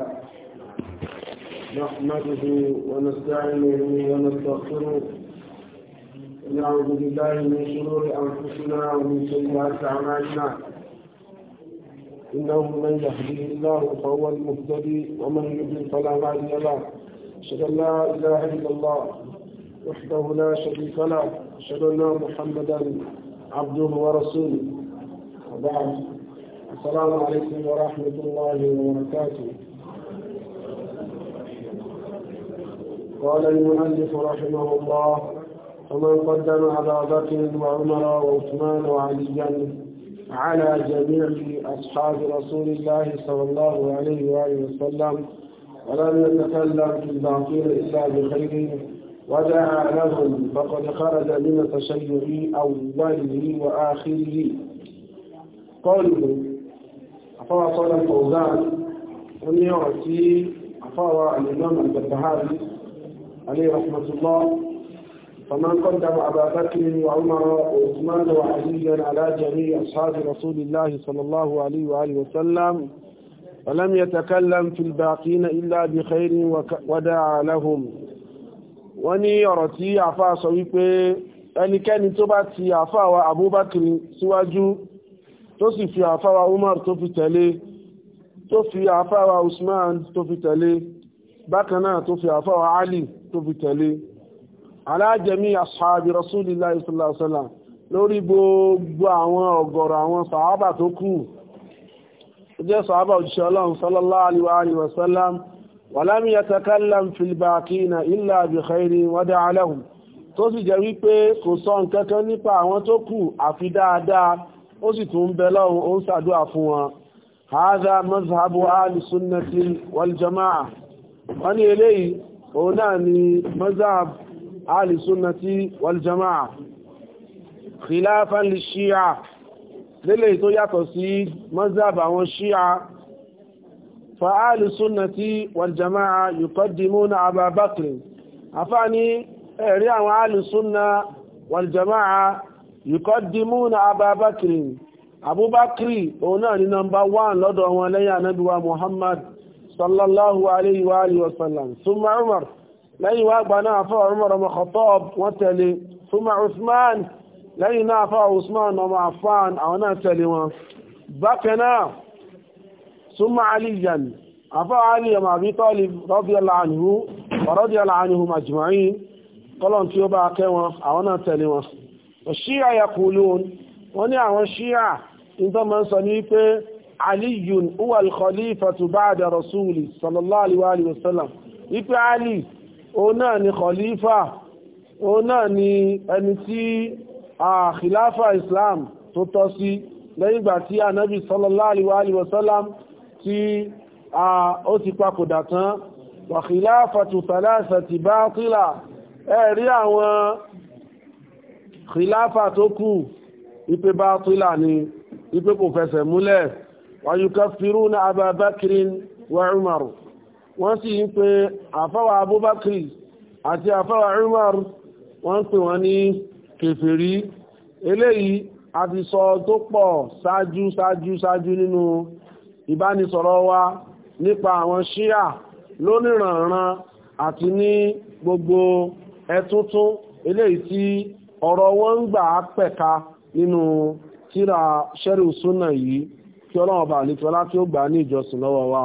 نحمده ونستعينه ونستغفره ونعوذ بالله من شرور أنفسنا ومن سيئات أعمالنا إنه من يهديه الله فهو المهتدي ومن يضلل فلا هادي له أشهد أن لا إله إلا الله وحده لا شريك له أشهد أن محمدا عبده ورسوله وبعد السلام عليكم ورحمة الله وبركاته قال المؤلف رحمه الله ومن قدم على بكر وعمر وعثمان وعليا على جميع أصحاب رسول الله صلى الله عليه وآله وسلم ولم يتكلم في الباطل إلا بخير ودعا لهم فقد خرج من التشيع أوله وآخره قالوا أفوى الفوزان ان يعطي أفوى الإمام البهاري عليه رحمة الله فمن قدم أبا بكر وعمر وعثمان وعليا على جميع أصحاب رسول الله صلى الله عليه وآله وسلم ولم يتكلم في الباقين إلا بخير ودعا لهم wani ọ̀rọ̀ tí àfá sọ wípé ẹnikẹ́ni tó bá ti àfá wa Abubakar síwájú tó sì fi àfá wa Umar tó fi tẹ̀lé tó fi àfá wa Usman tó fi tẹ̀lé bákan náà tó fi àfá wa Ali tó fi tẹ̀lé alájẹmí aṣáájú rasulillah sallallahu alaihi wasallam lórí gbogbo àwọn ọ̀gọ̀rọ̀ àwọn sàábà tó kù jẹ́ sàábà òjíṣẹ́ ọlọ́run sallallahu alaihi wasallam wàlámi yatakallam fil baqina illa bi khairin wada alahum tó sì jẹ́ wípé kò sọ nǹkankan nípa àwọn tó kù àfi dáadáa ó sì tún bẹ lọ́run ó ń ṣàdúrà fún wọn hadha mazhabu ahli sunnati wal jama'a wọ́n eléyìí òun náà ni mazhab alìsúnnàtí waljama'a khilafan li ṣíà lélẹ̀ tó yàtọ̀ sí mazhab àwọn ṣíà fa alìsúnnàtí waljama'a yuqaddimuna Aba Bakr afáni ẹ̀rí àwọn alìsúnnà waljama'a yuqaddimuna Aba Bakr abubakri òun náà ni nọmbà 1 lọ́dọ̀ wọn lẹ́yìn anábíwá Muhammad sallallahu alayhi wa alihi wa sallam suma umar lẹ́yìn wá gba náà fọ́ umar ọmọ khattab wọ́n tẹ̀lé suma usman lẹ́yìn náà fọ́ usman ọmọ affan àwọn náà tẹ̀lé wọn bákan náà suma aliyan afọ́ ali ọmọ abi talib radiyallahu anhu radiyallahu anhu majma'in kọ́lọ̀n tí ó bá kẹ́ wọn àwọn náà tẹ̀lé wọn wọ́n ní àwọn ṣíà ìtọ́ máa ń sọ ní pé aliyun huwa al-khalifatu ba'da rasuli sallallahu alaihi wa sallam ipe ali òun náà ni khalifa òun náà ni ẹni tí a khilafa islam tó tọ́ sí lẹ́yìn ìgbà tí anabi sallallahu alaihi wa sallam tí a ó ti papòdà tán wa khilafatu thalathati batila ẹ̀rí àwọn khilafa tó kù ipe batila ni ipe kò fẹsẹ̀ múlẹ̀ wàyùkàfìrúnà àbàbákirin wà Umar wọ́n sì ń pè àfáwà abúbákiri àti àfáwà Umar wọ́n ń pè wọ́n ní kèfèrí eléyìí a ti sọ tó pọ̀ ṣáájú ṣáájú ṣáájú nínú ìbánisọ̀rọ̀ wa nípa àwọn ṣíà lónìrànran àti ní gbogbo ẹtúntún eléyìí tí ọ̀rọ̀ wọn ń gbà pẹ̀ka nínú tírà ṣẹ́rù súnà yìí kí ọlọ́run ọba àlejò ọlá tí ó gbà ní ìjọsìn lọ́wọ́ wa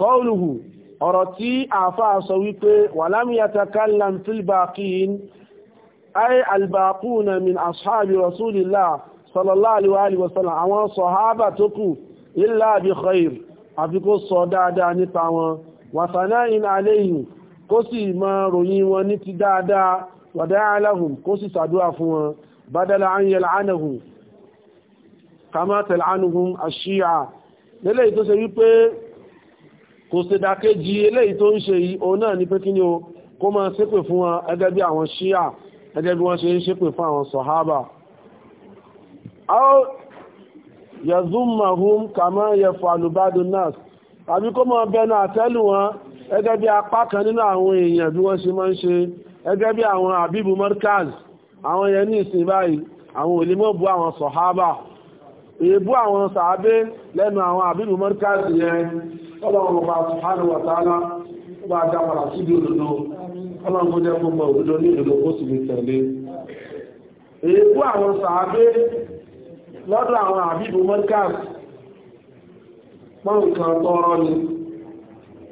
kọ́ọ̀lùhù ọ̀rọ̀ tí àáfàá sọ wípé wàlámì yatakallam fil baqin ay albaquna min ashabi rasulillah sallallahu alaihi wa sallam àwọn sọ̀hábà tó kù illa bi khair àfi kó sọ dáadáa nípa wọn wàsánà in alayhi kó sì mọ ròyìn kamatel anuhun ashiya, lélẹ́yìí tó ṣe wípé kò ṣe dákéjì eléyìí tó ń ṣe yìí òun náà ní pé kí ni o kó máa ṣépè fún wọn ẹgẹ́ bí àwọn ṣíyà ẹgẹ́ bí wọ́n ṣe ń ṣépè fún àwọn sọ̀hábà yẹ̀zúnmàhún kàmọ́ yẹ̀fọ àlùbádùn náà tàbí kó máa bẹnu àtẹ́lù wọn ẹgẹ́ bí apá kan nínú àwọn èèyàn bí wọ́n ṣe máa ń ṣe ẹgẹ́ bí àwọn àbíbù mọ́rkaz àwọn yẹn ní ìsìn báyìí àwọn òlímọ̀ àwọn sọ̀hábà èébú àwọn sàábé lẹ́nu àwọn àbínú mọ́ríkàtì yẹn ọlọ́run bá sùhánù wàtàlá bá dámàrà síbi òdòdó ọlọ́run kó jẹ́ gbogbo òdòdó ní òdòdó ó sì lè tẹ̀lé èébú àwọn sàábé lọ́dọ̀ àwọn àbínú mọ́ríkàtì pọ́n kan tọ́rọ ni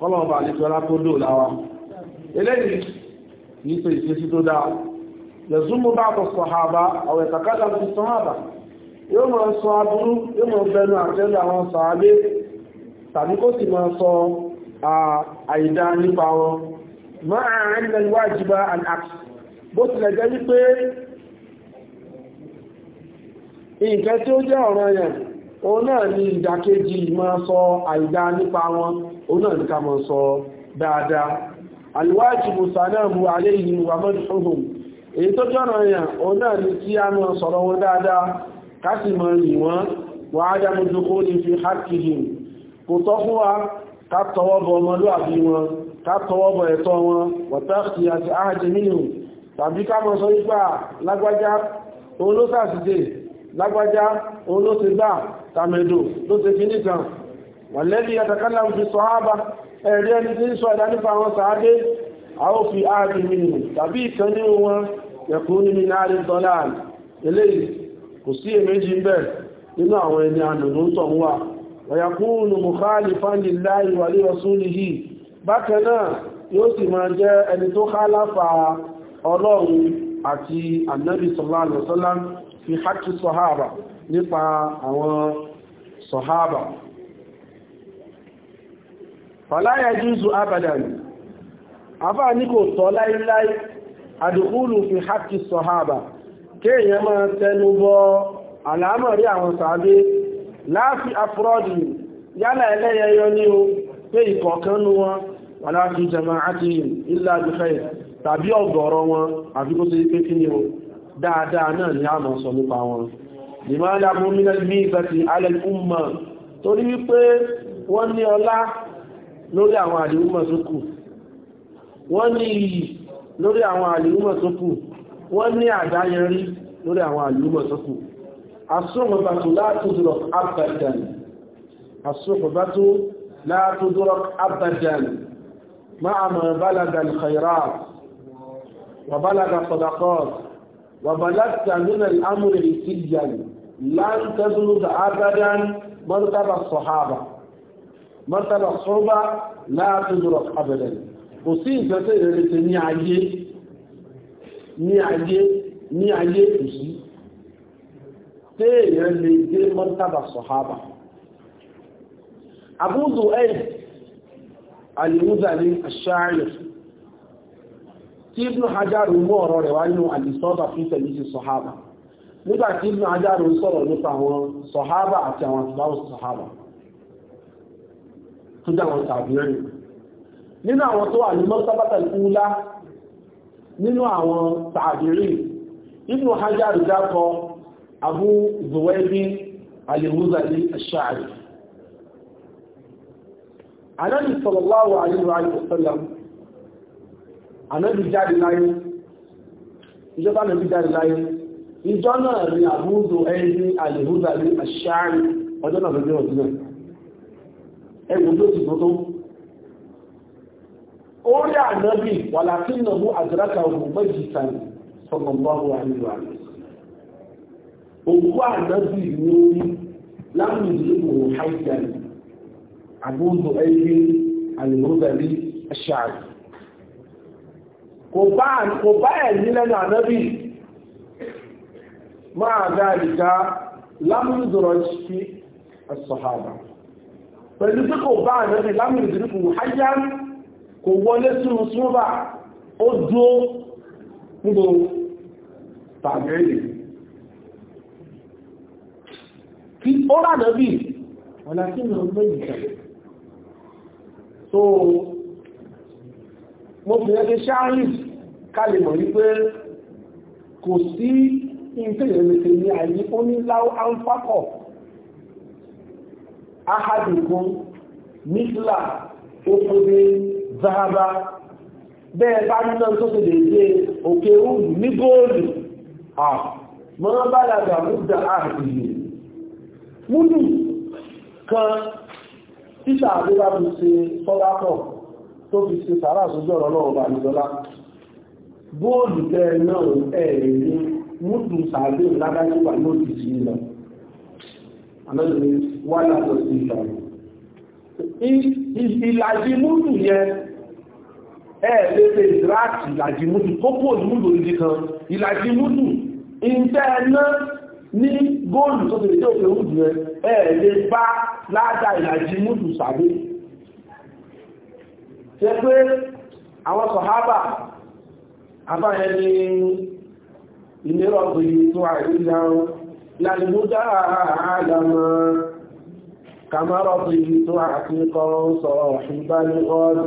ọlọ́run bá lè fẹ́ra kó dò láwa eléyìí kìí ṣe ìṣesí tó dáa yẹ̀zúmú bá kọ̀ sọ̀hábà àwọn ìtàkádà ti sọ̀hábà yóò máa sọ aburú yóò máa bẹnu àtẹ́lẹ̀ àwọn sàábé tàbí kó sì máa sọ àìdá nípa wọn máa àti bó tilẹ̀ jẹ́ wípé tí ó jẹ́ ọ̀rọ̀ yẹn náà ni máa sọ àìdá nípa wọn òun náà ní máa sọ dáadáa alwájìbù sàdáàmù aléyìn wàmọ́dúnhùn èyí tó jọ́rọ̀ yẹn òun náà ni kí a máa sọ̀rọ̀ wọn dáadáa kásìmọ̀ ìwọ̀n wà ádámù dúkó ní fi hákìhìn kò tọ́ fún wa ká tọwọ́bọ̀ ọmọlúàbí wọn ká tọwọ́bọ̀ ẹ̀tọ́ wọn wọ̀tọ́kì àti áhàjẹ́ nínú tàbí ká mọ̀ sọ wípé lágbájá òun ló sàtìdè lágbájá òun ló ti gbà tàmẹ̀dò ló ti kíní kan wàlẹ́bí àtàkálà fi sọ ábá ẹ̀rí ẹni tí ń sọ ẹ̀dá nípa àwọn sàádé a ó fi áhàjẹ́ nínú tàbí ìkan nínú wọn yẹ̀kú nínú náà rí tọ́lá eléyìí kò sí èméjì bẹ́ẹ̀ nínú àwọn ẹni ànàdó ń tọ̀hún wà wàyàkúnnù mùkálì fánìláì wà ní ọ̀súnlì yìí bákan náà yóò sì máa jẹ́ ẹni tó kálàfà ọlọ́run àti annabi sallallahu alaihi wasallam fi haqqi sọ̀hábà nípa àwọn sọ̀hábà àdìkúlù fi haqqi sọ̀hábà kéèyàn máa tẹnu bọ àlámọ̀rí àwọn sàábé láàfi afúrọ́dì yálà ẹlẹ́yẹyọ ní o pé ìkọ̀ọ̀kanú wọn wà láti jẹma àti ilẹ̀ àdúfẹ́ tàbí ọ̀gọ̀rọ̀ wọn àfikó sí pé kí ni o dáadáa náà ni a mọ̀ sọ nípa wọn ìmáàlá gómìnà lórí àwọn àdìmúmọ̀ tó kù wọ́n ní àdáyẹrí lórí àwọn àlúmọ̀ sọ́kù asúnmọ̀bátó látòdúrọ̀ abadan asúnmọ̀bátó látòdúrọ̀ abadan máa mọ̀ bálaga alkhairá wà bálaga sadaqat wà bálaga nínà al'amúrẹ̀ ìsìyàn láńtẹ́bùrù da abadan mọ́tàbà sọ̀hábà mọ́tàbà sọ́bà látòdúrọ̀ abadan kò sí ìfẹ́sẹ̀ ìrẹ̀lẹ̀ ní ayé ní ayé òsì téèyàn lè dé mọ́tàbà sọ̀hábà àbúzù ẹ̀ alìmúzàlì aṣáàrì tí ibn hajar mú ọ̀rọ̀ rẹ̀ wá nínú àdìsọ́bà fún tẹ̀lé sí sọ̀hábà nígbà tí ibn hajar sọ̀rọ̀ nípa àwọn sọ̀hábà àti àwọn àtìbáwò sọ̀hábà tó dáwọn tàbí rẹ̀ nínú àwọn tó wà ní mọ́tàbà tàbí nínú àwọn tàbírí ibn hajjar dákọ abu zuwaibi alihuzali ashari anábi sallallahu alaihi wa sallam anábi jáde láyé ìjọba anábi jáde láyé ìjọ náà rí abu zuwaibi alihuzali ashari ọjọ́ náà lójú ọdún náà ẹgbùn tó ti gbogbo orí ànábì wà láti nàbú àdúrákà ogun méjì tàn sọ̀gbọ̀nbọ̀rọ̀ àríwá òkú ànábì ní orí láàmì ìlú a àbúrò ẹgbẹ́ ba ṣáàrì na bá ma nílẹ́nu ànábì máa dáadìká láàmì ìdọ̀rọ̀ sí ẹ̀sọ̀hábà pẹ̀lú tí kò bá ànábì láàmì ìdọ̀rọ̀ kò wọlé sínú súnmọ́bà ó dúó nígbò tàbí kí ó rádọ̀ bí wọ́n láti ní ọmọ ìjìká so mo fi ẹgbẹ́ charles kalẹ̀ mọ̀ wípé kò sí ìfẹ́yẹ̀mẹ̀tẹ̀ ní àyí ó ní láwọ́ àǹfàkọ̀ ahadùkún nígbà ó fún ní zahaba bẹ́ẹ̀ bá nínú tó ti dèédé òkè òòlù ní góòlù mọ́ bálàgbà múdà ààbìyè múdù kan títà àdúrà fi ṣe sọ́lápọ̀ tó fi ṣe sàárà sójú ọ̀rọ̀ náà bá nìdọ́lá góòlù bẹ́ẹ̀ náà ẹ̀rẹ̀ ní múdù sàárè lágbàjúwà lóòtì sí ìlọ ìlàjì múdù yẹn ẹ̀ẹ́lẹ́lẹ́ ìráàtì ìlàjì mútù tó pò ní múlò ìdí kan ìlàjì mútù ìfẹ́ ẹ̀ná ní góòlù tó tẹ̀lé tó fẹ́ mútù rẹ ẹ̀ẹ́lẹ́ bá ládá ìlàjì mútù sàbé ṣe pé àwọn sọ̀hábà abáyẹ ní ìlérò ọ̀gbìn tó àìríyá lálùmúdá àlàmà kàmárọ̀ ọ̀gbìn tó àkíkọ́ sọ̀rọ̀ ìbánikọ́rù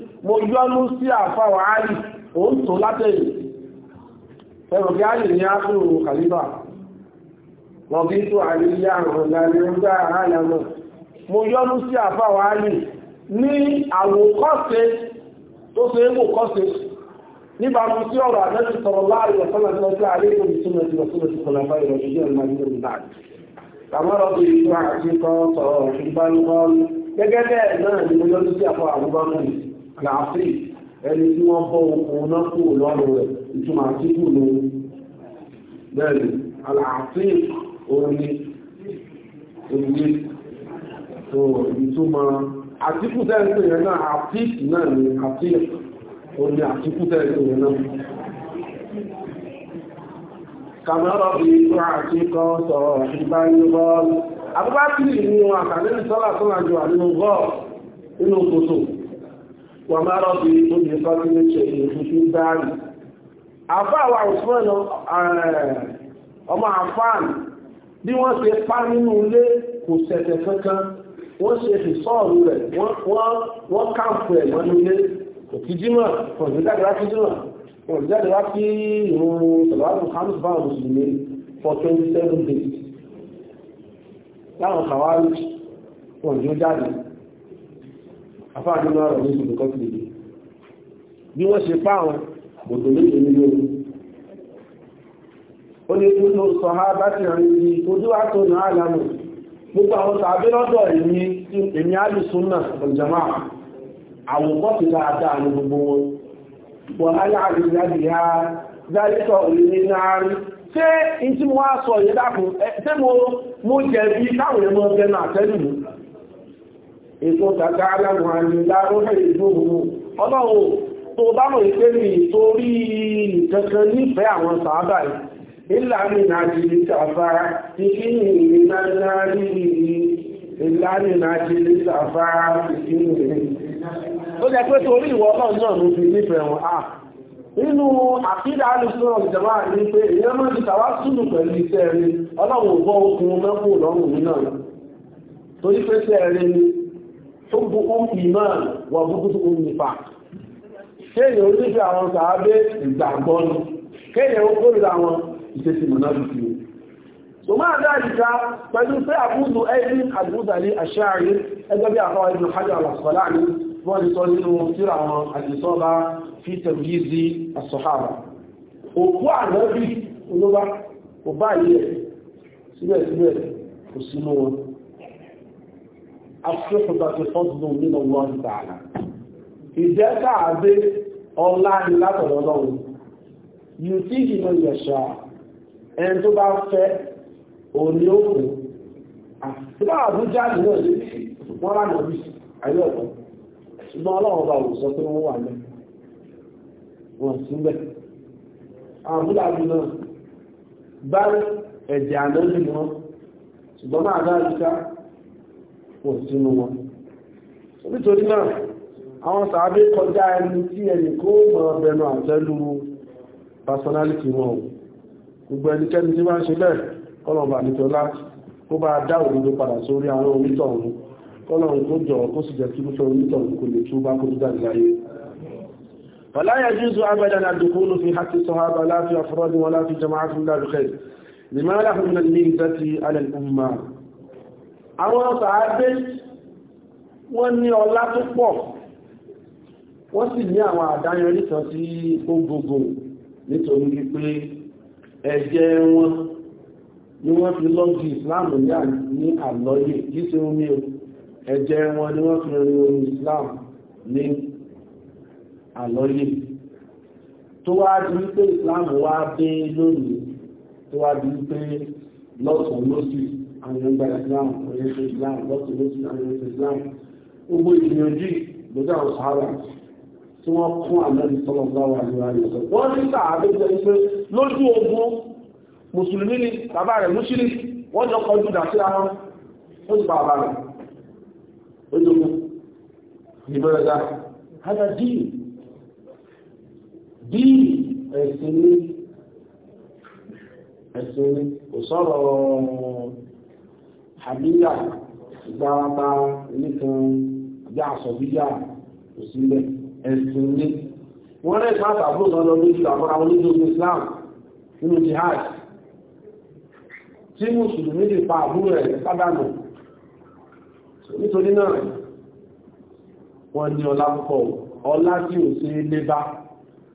mo yọ́nú sí àfáwà ààrì òun tó látẹ̀yìn ẹ̀rọ̀ bí ààrì ní ápùrù kàlíbà wọ́n bí tó àríyá ọ̀gbàlẹ́gbà ààlẹ́mọ̀ mo yọ́nú sí àfáwà ààrì ní àwòkọ́ṣe tó ṣe é wòkọ́ṣe níbàmú sí ọ̀rọ̀ àdẹ́sì sọ̀rọ̀ láàrin ọ̀sán àti ọjọ́ àríkò ìtumọ̀ ìtumọ̀ ìtumọ̀ ìtumọ̀ ìtumọ̀ kàmọ́rọ̀ bí i tó àti kọ́ sọ̀rọ̀ ìgbàlúgbọ́n gẹ́gẹ́ bẹ́ẹ̀ náà ni mo yọ́nú sí àfọ́ àbúgbọ́n náà kàáfì ẹni tí wọ́n bọ́ okùn náà kú lọ́rùn rẹ̀ ìtumọ̀ àti kú ló bẹ́ẹ̀ni àlàáfì òní òní tó ìtumọ̀ àtíkù tẹ́ẹ̀sì yẹn náà àtíkù náà ni àtíkù òní àtíkù tẹ́ẹ̀sì yẹn náà kàmọ́rọ̀ bí i àti kan sọ̀rọ̀ ìbáyé bọ́ọ̀lù àbúbá kìrì ní wọn àtàlẹ́sọ́lá tó lájọ àdínú bọ́ọ̀lù inú kòtò wọ́n máa rọ́ bí oúnjẹ sọ́dún ní ṣe ìrìnfífí dáàrí àfáàwà òṣùwọ̀n ọmọ àfáàn bí wọ́n ṣe pa nínú ilé kò ṣẹ̀ṣẹ̀ kankan wọ́n ṣe fi sọ́ọ̀rù rẹ̀ wọ́n káàpù ẹ̀ mọ́nú ilé kò kí wá kí jímọ̀ kọ̀ǹdíjáde wá kí ìrùn sọ̀rọ̀ for twenty seven days láwọn kàwárí wọ́n jó jáde afáàdé a rẹ̀ ní ìṣòro kọ́tù lè bí wọ́n ṣe fáwọn bòtò méje ní lórí ó ní sọ ha bá ti rìn ní ojú wa tó náà àwọn tàbí lọ́dọ̀ èmi èmi alùsùn àwòkọ́ ti dáadáa ní gbogbo wọn ṣé mo wá sọ ṣé mo mọ́ ètò tàbí aláwọ̀ àmìlá rọ́fẹ́ ìgbóhùn ọlọ́run tó bá mọ̀ ìpé ní torí ìkankan nífẹ̀ẹ́ àwọn sàábà nínú àkídà alùsùn ọ̀jọ̀má ní pé èèyàn mọ́ ti tàwá súnù pẹ̀lú iṣẹ́ rí ọlọ́run ò bọ́ okun mẹ́kù lọ́rùn nínú torí pé iṣẹ́ rí ni tóbu um ohun iman wà búkútù ohun um nípa kéèyàn ó nífẹ̀ẹ́ àwọn sàábé ìgbàgbọ́ ni kéèyàn ó kórìíra àwọn ìṣesí mọ̀nàbìtì ni tó máa dáadìta pẹ̀lú pé àbúzù ẹni àbúzàlé àṣáàrí ẹgbẹ́ bí àfáwà ibn hajjá alàṣọ́lá ní wọ́n asọ́kùnbàtí fọ́dùnú nínú wọn tààlà ìjẹ́ káàdé ọlá ni látọ̀rọ̀ lọ́wọ́ yìí tí ìmọ̀ ìyẹ̀ṣà ẹni tó bá fẹ́ òní òkú àtúbà àbújá nínú ìlú wọn rà nàbí ayé ọ̀pọ̀ ṣùgbọ́n ọlọ́run bá wò sọ pé wọ́n wà lẹ́ wọn síbẹ̀ àbújá nínú bá ẹ̀jẹ̀ àná nínú wọn ṣùgbọ́n máa dá ìta kò sínú wọn nítorí náà àwọn sàábé kọjá ẹni tí ẹni kó mọ̀ ọ̀bẹ̀nu àtẹ́lú personality wọn gbogbo ẹnikẹ́ni tí wá ṣe bẹ́ẹ̀ kọlọ̀mbà nìtọ́lá kó bá dá òdodo padà sórí àwọn onítọ̀hún kọlọ̀run kó jọ kó sì jẹ́ kí ló fẹ́ kò lè tún bá kó tó láyé فلا يجوز أبدا الدخول في حق الصحابة لا في أفراد ولا في جماعات ولا بخير لما له àwọn sàádé wọ́n ní ọlá tó pọ̀ wọ́n sì ní àwọn àdáyọrí kan tí ó gbogbo nítorí wípé ẹ̀jẹ̀ wọn ni wọ́n fi lọ́gbì ìsìláàmù ní àlọ́yè kìí ṣe omi o ẹ̀jẹ̀ wọn ni wọ́n fi rin omi ìsìláàmù ní àlọ́yè tó wá di wípé ìsìláàmù wá dé lónìí tó wá di wípé lọ́sùn lóṣìí àwọn èèyàn gba islam àwọn èèyàn ṣe islam lọ́sùn lóṣù àwọn èèyàn ṣe islam gbogbo ìgbìyànjú lọ́jọ́ àwọn sàárà tí wọ́n fún àmẹ́rin sọ́lọ́ bá wà ní ààrẹ ọ̀sẹ̀ wọ́n ní sàárà jẹ́ pé lójú ogun mùsùlùmí ni bàbá rẹ̀ mùsùlùmí wọ́n jọ kọjú dà ara ó sì bàbá rẹ̀ lójú ogun ìbẹ̀rẹ̀ dá hádà díì díì ẹ̀sìn ní ẹ̀sìn ní kò sọ̀rọ̀ ọ̀rọ̀ àbíyà ìgbàràpá nìkan ìjà àsọ̀bíyà kò sílẹ̀ ẹ̀sìn ní wọ́n rẹ̀ ìpá àtàbò sọ lọ lójú àkọ́ra onídógún Islam nínú jihad tí mùsùlùmí lè pa àbúrò ẹ̀ sádànù nítorí náà wọ́n ní ọlá púpọ̀ ọlá tí ò sí lé bá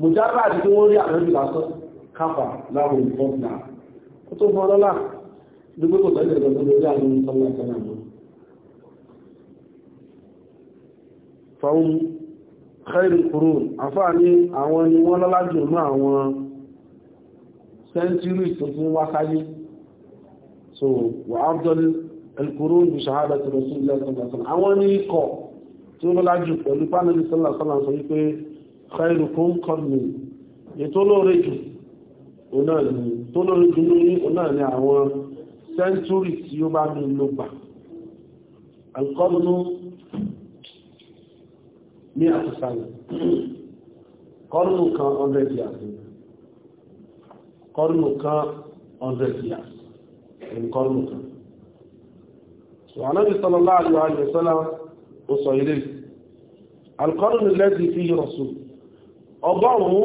mùjábà àti tí wọ́n rí àrẹ́bì lásán káfà láwọn ìfọ́nà ó tó fọ́n lọ́lá dúpẹ́ kò sọ́jọ́ ìgbà tó lórí àwọn ìsọ́lá kan náà fọ́n khairul qurun àfáà ní àwọn ni wọ́n lọ́lá jù mọ́ àwọn sẹ́ńtúrì tuntun wákáyé so wà afdal al-qurun bi shahadati rasulillah sallallahu alaihi wasallam àwọn ní ikọ̀ tí ó lọ́lá jù pẹ̀lú pánẹ́lì sallallahu alaihi sọ wípé khairukum qarni ètò olóore jù òun náà ní òun náà ni àwọn sẹ́ńtúrì tí ó bá mi ló gbà alkọ́nù ní àtìsàlẹ̀ kọ́nù kan 100 years kọ́nù kan 100 years ẹni kọ́nù kan so anábi sallallahu alaihi wa sallam ó sọ ilé alkọ́nù lẹ́dí fi rasul ọgọ́rùn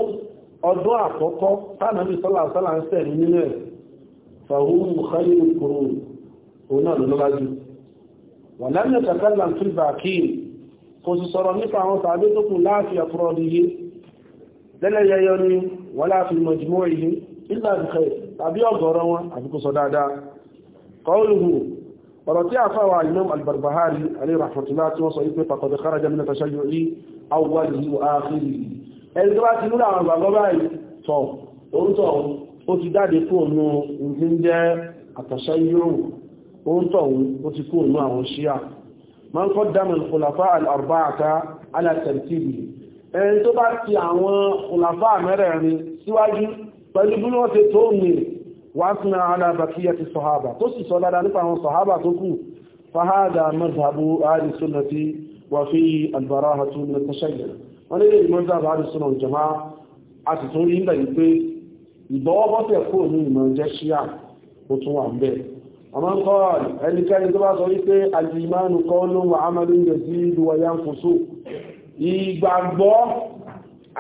fàwọn mùkálí kúrò òun náà ló lọ́lájú wà lámì ọ̀tàkàlà ń fìlbà kíì kò sì sọ̀rọ̀ nípa àwọn sàbí tó kù láàfin àfúrọ̀ nìyí lẹ́lẹ́yẹyọ ni wà láàfin mọ̀jùmọ́ ìlú ìlà ìfẹ́ tàbí ọ̀gọ̀rọ̀ wọn àfikúsọ dáadáa kọ́ọ̀lùhù ọ̀rọ̀ tí a fáwà imam albarbahari alayhi rahmatullah tí wọ́n sọ ipé pàkọ̀dẹ̀ kárajà mínà tàṣáyò rí awwalihi wa akhirihi ẹni tó bá ti múlà àwọn bàbá báyìí tọ̀ orútọ̀ ó ti jáde kúrò nú ní jẹ́ àtàṣà yóò ó ń tọ̀hún ó ti kúrò nú àwọn ṣíà man qaddama al-khulafa al-arba'ata ala tartibi ẹni tó bá ti àwọn khulafa mẹ́rẹ̀ẹ̀rin síwájú pẹ̀lú bí wọ́n ti tó mi wàásùnà ala baqiyati sọ̀hábà tó sì sọ dáadáa nípa àwọn sọ̀hábà tó kù fahada madhhabu ahli sunnati wa fi al-bara'atu min at wọ́n lè jama'a a sì tún rí ìbọ̀wọ́bọ́sẹ̀ kò ní ìmọ̀ jẹ́ ṣíà ó tún wà bẹ́ẹ̀ ọmọ kọ́ ẹnikẹ́ni tó bá sọ wípé alìmánu kọ́ ló wà ámàlú ń gẹ̀ẹ́sí ìlúwà yá ń fòsó ìgbàgbọ́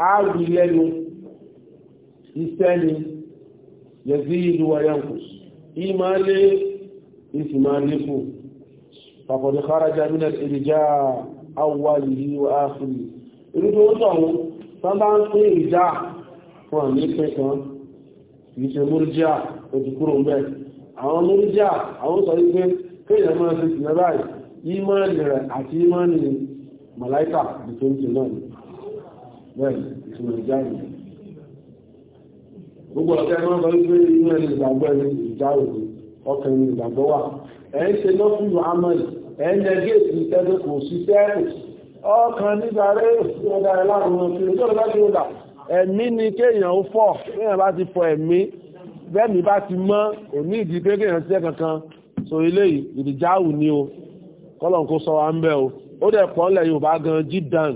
ààrùn lẹ́nu ìsẹ́ni gẹ̀ẹ́sí ìlúwà yá ń fòsó ìmọ̀lé ìsìmọ̀lẹ́kù fàkọ̀dé kárájá mínà ìrìjá awwalihi wa akhiri ìrìjọ́ ó sọ̀rọ̀ tán bá ń pín ìjà fún àmì pẹ́ kan kìí ṣe múrújíà ojú kúrò ń bẹ́ àwọn múrújíà àwọn sọ wípé kéèyàn máa ṣe ìsìnà báyìí ìmánì rẹ̀ àti ìmánì màláìkà ìtòǹtì náà ni bẹ́ẹ̀ ìtumọ̀ ìjà ìlú gbogbo ọ̀tẹ́ máa sọ wípé inú ẹni ìgbàgbọ́ ẹni ìjà òkú ọkàn ẹni ìgbàgbọ́ wà ẹ̀ ń ṣe lọ́fún muhammed ẹ̀ ń nẹgẹ́ẹ̀tì ìtẹ́gbẹ́ kò sí sẹ́ẹ̀kù ọkàn nígbà rẹ̀ ìfúnadà ẹ̀ láàrin wọn ẹ̀mí ni kéèyàn ó fọ̀ kéèyàn bá ti fọ ẹ̀mí bẹ́ẹ̀mí bá ti mọ́ kò ní ìdí pé kéèyàn ṣiṣẹ́ kankan so eléyìí ìdìjáwù ni o kọ́lọ̀n kó sọ wa ń bẹ́ o ó dẹ̀ pọ̀ ńlẹ̀ Yorùbá gan jídàn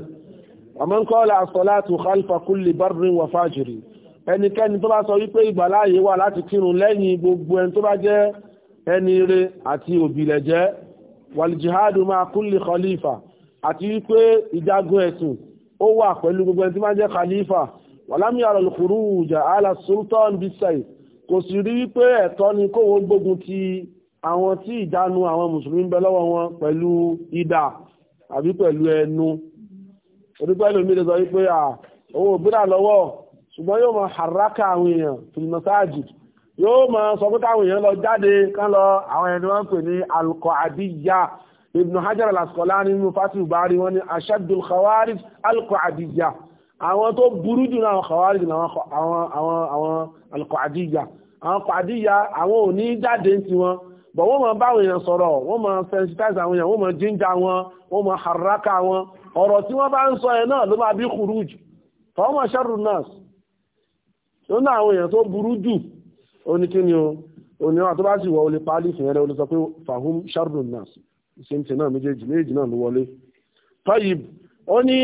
àmọ́ ń kọ́ la salatu khalfa kulli barrin wa fajiri ẹnikẹ́ni tó bá sọ wípé ìgbàláyé wà láti kírun lẹ́yìn gbogbo ẹni tó bá jẹ́ ẹni ire àti òbílẹ̀jẹ́ wàlìjìhádùn máa kulli khalifa àti wípé ìjagun ẹ̀sùn ó wà pẹ̀lú gbogbo ẹni tí máa jẹ́ khalifa wàlámì àrọ̀lùkúrú ìjà ala sultan bisai kò sì rí wípé ẹ̀tọ́ ni kóhun gbógun ti àwọn tí ìjánu àwọn mùsùlùmí ń bẹ lọ́wọ́ wọn pẹ̀lú idà àbí pẹ̀lú ẹnu onígbà ìlú mìíràn sọ wípé owó òbúdà lọ́wọ́ ṣùgbọ́n yóò máa haraka àwọn èèyàn fìlìmọ́sáàjì yóò máa sọ pé káwọn èèyàn lọ jáde kán lọ àwọn ẹni wọn pè ní alukọ àdíyà ibn hajar al-asqalani nínú fatul bari wọ́n ní ashadul khawarij alqaadiyya àwọn tó burú jù náà khawarij náà àwọn àwọn àwọn alqaadiyya àwọn qaadiyya àwọn ò ní jáde ń tiwọn bọ̀ wọ́n máa báwọn èèyàn sọ̀rọ̀ wọ́n máa sensitize àwọn èèyàn wọ́n máa jíńjà wọn wọ́n máa haraka wọn ọ̀rọ̀ tí wọ́n bá ń sọ ẹ̀ náà ló máa bí khuruj fọwọ́n máa sharru nas ó ní àwọn èèyàn tó burú jù ó ní ìṣẹ́ntì náà méjèèjì méjèèjì náà ló wọlé tayib ó ní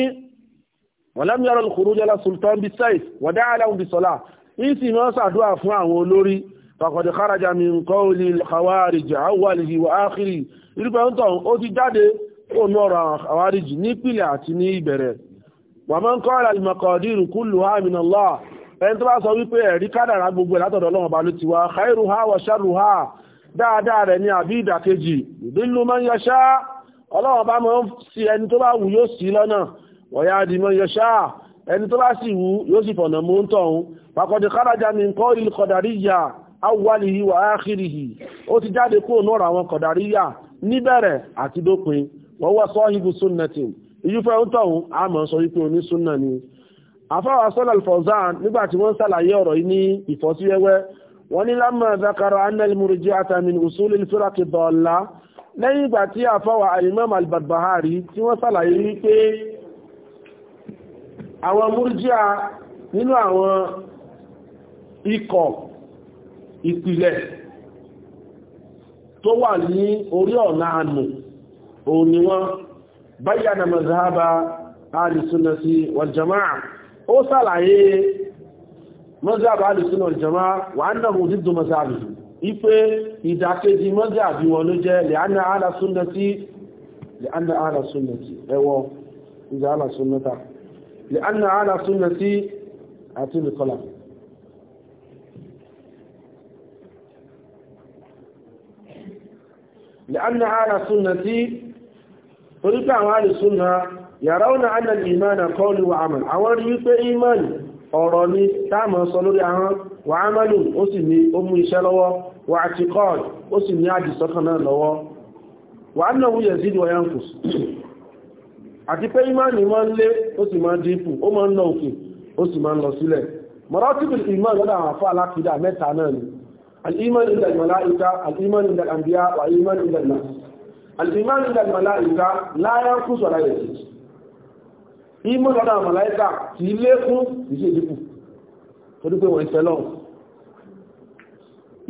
wàlámi yàrá olùkúrújọ́lá sultan bí saif wàdá aláwọ̀ bí sọ́lá ìsì ni wọ́n sàdúrà fún àwọn olórí fàkọ̀dé kárajà mi nǹkan olè àwárìjì àwàlìjì wà áàkiri irúgbẹ́ ń tàn ó ti jáde ó ní ọ̀rọ̀ àwárìjì nípìlẹ̀ àti ní ìbẹ̀rẹ̀ wà ń kọ́ ara ìmọ̀kọ̀dírù kúlù hàmìn Allah ẹni dáadáa rẹ̀ ni àbí ìdàkejì ìdílú mọ́ ń yọṣá ọlọ́wọ́n bá mọ́ sí ẹni tó bá wù yóò sí lọ́nà wọ̀yá di mọ́ ń yọṣá ẹni tó bá sì wù yóò sì fọ̀nà mú ń tọ̀hún pàkọ́dé kárájà mi ń kọ́ ìlú kọ̀dàríyà awwalihi wa akhirihi ó ti jáde kúrò nọ́ra àwọn kọ̀dàríyà níbẹ̀rẹ̀ àti dópin wọ́n wọ́ sọ́hìbù súnnàtì ìyúfẹ́ ń tọ̀hún a mọ̀ sọ wípé oní súnnà ni àfáwà sọ́lá alfọ̀zán nígbà tí wọ́n sàlàyé ọ̀rọ̀ yìí ní ìfọ́síwẹ́wẹ́ wọ́n ní lámà zakara annal murji'ata min usul al-firaq ad-dalla lẹ́yìn ìgbà tí àfáwà al-imam al-barbahari tí wọ́n sàlàyé wípé àwọn murji'a nínú àwọn ikọ̀ ìpìlẹ̀ tó wà ní orí ọ̀nà ànù òun ni wọ́n bayyana mazhaba ahli sunnati ó sàlàyé mọ́jáàbá alùsùnà ìjọmá wà ń dàmù dídùn mọ́sáàbì ipé ìdàkejì mọ́jáàbí wọn ló jẹ́ lẹ́ánà alàsúnnàtí lẹ́ánà alàsúnnàtí ẹwọ ìjà alàsúnnàtà lẹ́ánà alàsúnnàtí àti nìkọlà lẹ́ánà alàsúnnàtí torípé àwọn alùsùnà yàrá ọ̀nà annal ìmánà kọlu wa amal àwọn rí wípé ọ̀rọ̀ ni táàmù sọ lórí ahọ́n wà á mọ́lù ó sì ní ó mú iṣẹ́ lọ́wọ́ wà á ti kọ́ ó sì ní àdìsọ́kàn náà lọ́wọ́ wà á náà wúyẹ̀ sídìí ọ̀yá nkù àti pé ìmáàni máa ń lé ó sì máa ń dínkù ó máa ń lọ òkè ó sì máa ń lọ sílẹ̀ mọ̀rọ́tìbì ìmọ̀ lọ́dọ̀ àmàláìkà tí lékún ìṣe ìdíkù torí pé wọ́n ìṣẹ́ lọ́wọ́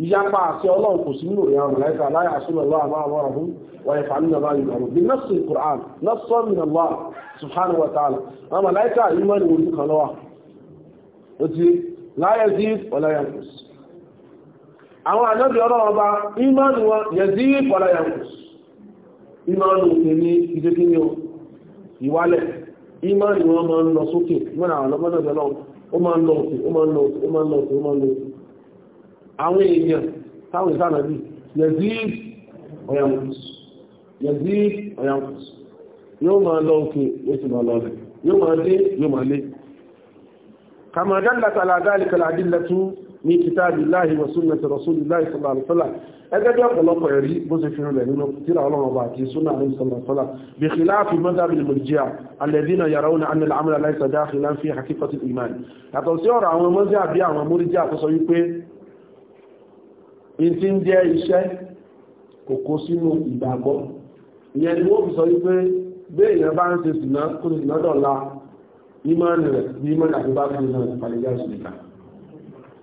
ìyapa àti ọlọ́run kò sí nínú ìyá àmàláìkà láyà sílẹ̀ lọ́wọ́ àmà àwọn ọ̀hún wà ìfà nínú ọba ìgbàlù bí nọ́ọ̀sì Qur'an nọ́ọ̀sì subhanahu wa ta'ala àmàláìkà ìmọ̀ ni ojú kan lọ́wọ́ ó ti láyà sí yankus ìmánì wọn máa ń lọ sókè mọ́nà àwọn ọlọ́mọdọ̀dọ̀ lọ ó máa ń lọ òkè ó máa ń lọ òkè ó máa ń lọ òkè ó máa ń lọ òkè àwọn èèyàn táwọn ìsáànà bí yẹ̀zíd ọ̀yàmùs yẹ̀zíd ọ̀yàmùs yóò máa ní kìtàbí láàyè wọ̀súnmẹ̀ tẹ̀rọ sórí láì sọ́lá àlùfọ́lá ẹgbẹ́ bí ọ̀pọ̀lọpọ̀ ẹ̀rí bó ṣe fi rẹ̀ nínú tíra ọlọ́run ọba àti súnà àlùfọ́ sọ́lá àlùfọ́lá bí kìláàfì mọ́tàbí lè mọ̀jíà alẹ́dínà yàrá òun àmì àmì aláìsà dáàfì láǹfì àkíkọ́tì ìmáì yàtọ̀ sí ọ̀rọ̀ àwọn mọ́jẹ́ àbí àwọn móríjì àkọsọ wípé in ti ń jẹ́ iṣẹ́ kò kó sínú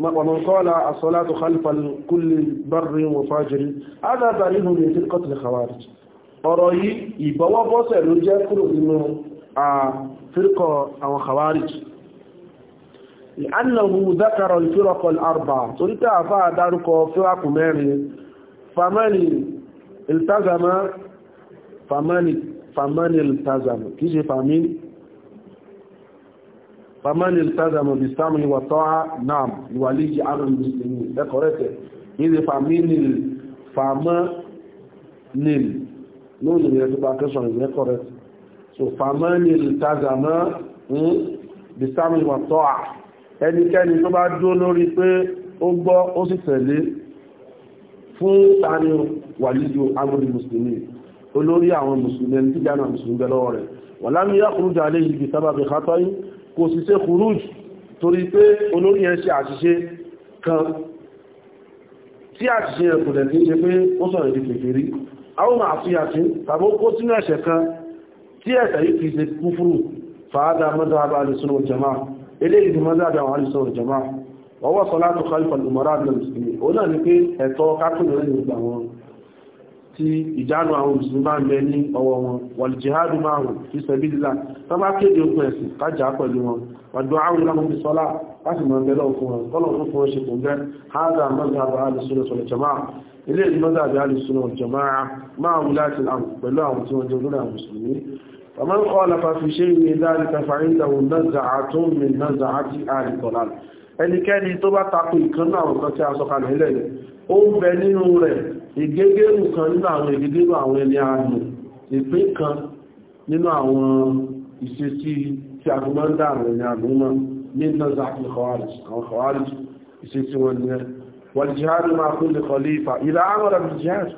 ومن قال الصلاة خلف كل بر وفاجر هذا تعريف من فرقة الخوارج ọ̀rọ̀ yìí ìbọwọ́bọ́sẹ̀ ló jẹ́ kúrò nínú àfírkọ̀ àwọn khawarij ìhánàwò dákàrọ̀ ìfírọ̀kọ̀ àrbà torí tẹ́ àfá àdárúkọ fíwákù mẹ́rin famani iltazama famani famani iltazama kìí ṣe famini فمن التزم بالسمع والطاعة نعم يولي عن المسلمين ده correct إذا فمن الفمن نون يتبعكشون ده correct so فمن التزم بالسمع والطاعة ẹnikẹ́ni tó bá dúró lórí pé ó gbọ́ ó sì tẹ̀lé fún tani wàlíjò amúrí mùsùlùmí olórí àwọn mùsùlùmí ẹni tí jánà mùsùlùmí bẹ lọ́wọ́ rẹ̀ wà ya kúrújà lè yìí bí sábàbí kò sì ṣe kùrúj torí pé olórí ẹ̀ ṣe àṣìṣe kan tí àṣìṣe ẹ̀ kò dẹ̀kí ṣe pé ó sọ̀rọ̀ ìdí kékeré àwọn àfihàtí tàbí ó kó sínú ẹ̀ṣẹ̀ kan tí ẹ̀ṣẹ̀ yìí kìí ṣe kúfúrú fàádà madhhab al-sunnah wal jamā'ah eléyìí ni madhhab al-sunnah tí ìjánu àwọn mùsùlùmí bá ń bẹ ní ọwọ́ wọn wal jihadu ma'ahum fi sabilillah tó bá kéde okun ẹ̀sìn kájà pẹ̀lú wọn wàdùn àwọn ìlànà bí sọ́lá láti mọ̀ ẹgbẹ́ lọ́wọ́ fún wọn kọ́lọ̀ fún fún ṣe kùn bẹ́ hádà mọ́gà bá alùsùnà sọ̀rọ̀ jama'a ilé ìmọ́gà bá alùsùnà jama'a máa wù láti làm pẹ̀lú àwọn tí wọ́n jẹ́ lórí àwọn mùsùlùmí ومن خالف في شيء من ذلك فعنده نزعة من نزعة آل الضلال ẹnikẹ́ni tó bá tako ìkan náà nǹkan tí a sọ kalẹ̀ ilẹ̀ ó ń bẹ nínú rẹ̀ ìgégérù kan nínú àwọn ìgégérù àwọn ẹni àánú ìpín kan nínú àwọn ìṣesí tí a fi máa ń dá àwọn ẹni àánú mọ́ ní nazaki khawarij àwọn khawarij ìṣesí wọn ni wal jihadu máa kún lè khalifa ìlà amara bil jihad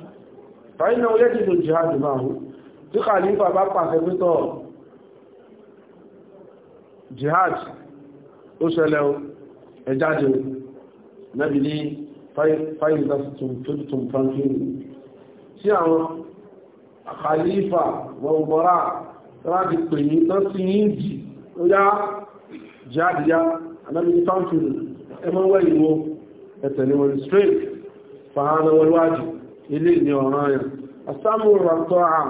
fáìlì tuntun fankin tí àwọn àkàlífà wọn gbọ́ra láti pè ní tán sí ní ìjì ó yá jáàdìyá anábi ní fankin ẹmọ wẹ́ ìwò ẹ̀tẹ̀lẹ̀ wọn straight fàhánà wọn wájú ilé ìní ọ̀ràn yẹn asámù rọ̀tọ́ à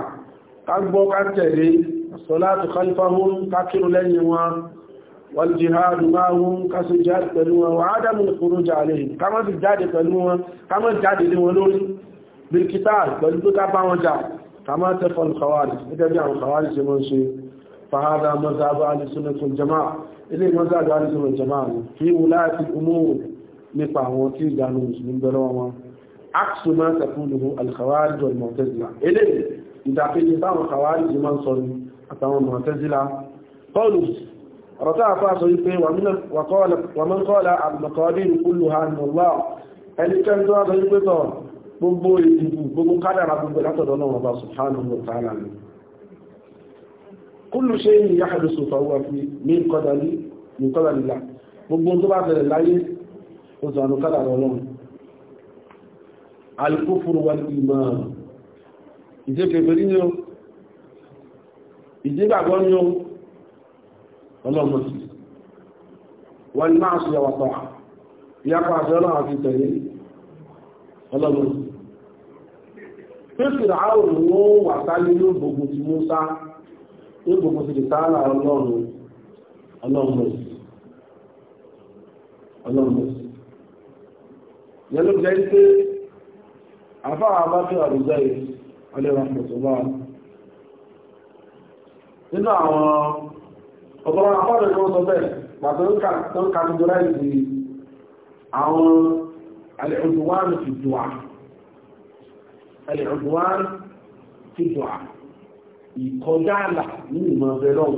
ká gbọ́ ká tẹ̀lé wàlùjìháàdù máa wọn kásò jáde pẹ̀lú wọn wà ádámù kúrò jàlẹ̀ kámọ́sì jáde pẹ̀lú wọn kámọ́ jáde lé wọn lórí bíkítà pẹ̀lú tó ká bá wọn jà kámọ́ tẹ́fọ́n kọwàrí gẹ́gẹ́ bí àwọn kọwàrí ṣe mọ́ ṣe fàhádà mọ́sàbọ̀ alìsúnmọ̀tún jama'a ilé mọ́sàbọ̀ alìsúnmọ̀tún jama'a fi wùláàtì umúrù nípa àwọn tí ìdánù mùsùlùmí bẹ̀rẹ̀ wọn عكس ما تقوله الخوارج والمعتزلة إليه إذا قيل بعض الخوارج من صلي أتوا المعتزلة قالوا ọ̀rọ̀ tó àfáà sọ wípé wàmán kọ́ọ̀lá àmàkọ́ọ̀dínú kúlù ha nùlá ẹnikẹ́ni tó wáṣọ wípé tọ̀ gbogbo ìdìbò gbogbo kádàrà gbogbo látọ̀dọ̀ náà wọ́n bá subhanahu wa ta'ala ni kúlù ṣe ní ìyá àdúsù fàwọ́ fi ní kọ́dàlí ní kọ́dàlílà gbogbo tó bá bẹ̀rẹ̀ láyé òzànù kádàrà ọlọ́run ọlọ́run sí wọ́n máa ṣe ọ̀pọ̀ ìyapa àti ọlọ́run àti tẹ̀lé ọlọ́run sí pẹ́sìrì àwọn òun wà sáyé ní gbogbo ti Mùsá ní gbogbo ti dìtàrà ọlọ́run ọlọ́run sí ọlọ́run sí yẹn ló jẹ́ pé àfáà bá fẹ́ àrùjọ yìí ọlẹ́run pọ̀ tó bá nínú àwọn ọ̀pọ̀lọpọ̀ àpáàdé kan sọ bẹ́ẹ̀ pàtó ń kàtàdúráìsì àwọn alẹ́ọ̀dùwárì fi dùà alẹ́ọ̀dùwárì fi dùà ìkọjá àlà nínú ìmọ̀ ọ̀bẹ̀ náà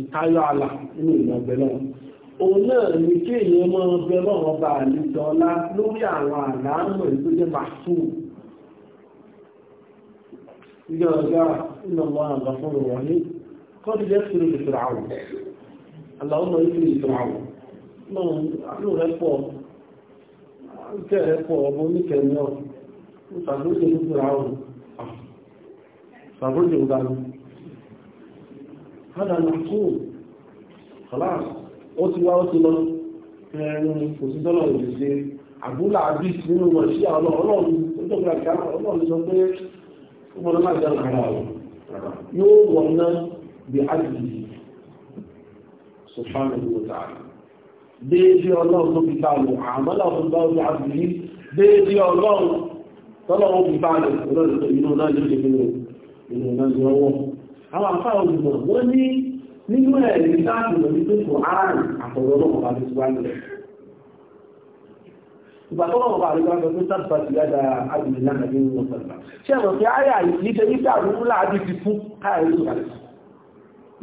ìtayọ àlà nínú ìmọ̀ ọ̀bẹ̀ náà òun náà ní kí èèyàn mọ́ ọ̀bẹ̀ náà ọba àlejọ́lá lórí àwọn àlàámọ̀ tó jẹ́ màṣú ìjọ ọ̀gá ìlọ́mọ àgbàfọ́rọ̀ wọ̀nyí قال يغفر لفرعون اللهم يغفر لفرعون lóòrùn rẹ̀ pọ̀ ìkẹ́ rẹ̀ pọ̀ ọmọ oníkẹ́ náà ó sàbójì gbogbo àwọn sàbójì ìgbàlù hádà nàkúù kọláàsì ó ti wá ó ti lọ ẹ̀rùn kò sí tọ́lọ̀ ìrìnṣẹ́ àbúlà àbí nínú wọn sí àwọn ọlọ́run tó tọ́gbà kí ọlọ́run sọ pé ó mọ́ lọ́nà ìjọ بحجه سبحانه وتعالى déédé ọlọ́run tó fi báàlù àmọ́lá ọdún bá ọdún àbìlí déédé ọlọ́run tọ́lọ́run fi báàlù ọlọ́run tó inú náà ló ṣe nínú inú náà ní ọwọ́ àwọn àfáà olùmọ̀ wọ́n ní nínú ẹ̀ ní sáàtì lórí tó kò ààrùn àtọ̀rọ̀ ọlọ́run bá ti wá nílẹ̀ ìgbà tó lọ́wọ́ bá rí wá pẹ̀lú sábà ti yáda àbìlí náà ní ọ̀sán ṣé ẹ̀rọ pé áyà yìí nítorí pé àrùn ńlá àbí ti fún káyà yóò kàlẹ̀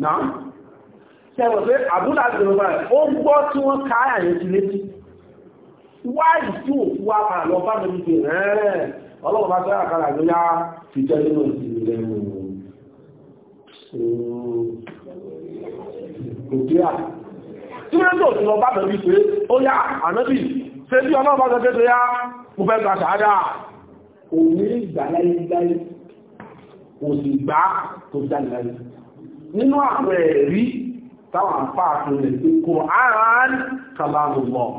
náà tẹ́wọ̀ pé àbúlà ìjọba ó gbọ́ tí wọ́n ká àyẹ̀ ti létí wáyìí tí ò fún wa padà lọ bá lórí pé rẹ̀ ọlọ́run bá tẹ́ àkàrà ló yá fi jẹ́ nínú ìsinmi lẹ́nu òkè à tí wọ́n tó ti lọ bá lórí pé ó yá ànábì ṣe bí ọlọ́run bá tẹ́ tẹ́ tó yá mo fẹ́ gba ṣàádà òun ní ìgbà nínú àwọn ẹ̀rí táwọn àpáàtò rẹ̀ pé Kùránì kalamullah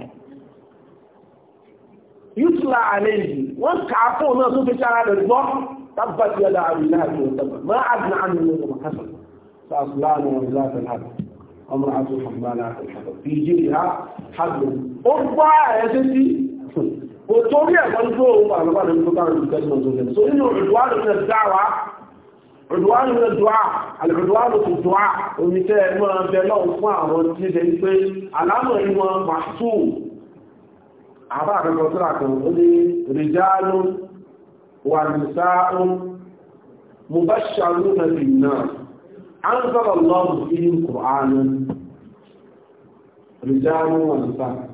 yútùlá àlẹ́yìn wọ́n kàá fún náà tó fi sára rẹ̀ gbọ́ tabbat yada abin lahi wa tabba ma adna an min ma hasal fa aslana wa la tanhab amra atu hamala al hadab fi jilha hadab o gba so inú ìwádìí da dawa Òdùwárù lè dùá, àlùkòdùwárù tó dùá, oníṣẹ́ ẹgbẹ́ ọ̀bẹ lọ́wọ́ fún àwọn tí ṣe ń pé àlámọ̀ ìwọ̀n màṣù. Àbá àkọ́kọ́ tó rà kan, ó ní rìjálù wà nìsáàrù, mo bá ṣàrú nàbì náà. An sọ̀rọ̀ lọ́wọ́ ìlú Kùránù, rìjálù wà nìsáàrù,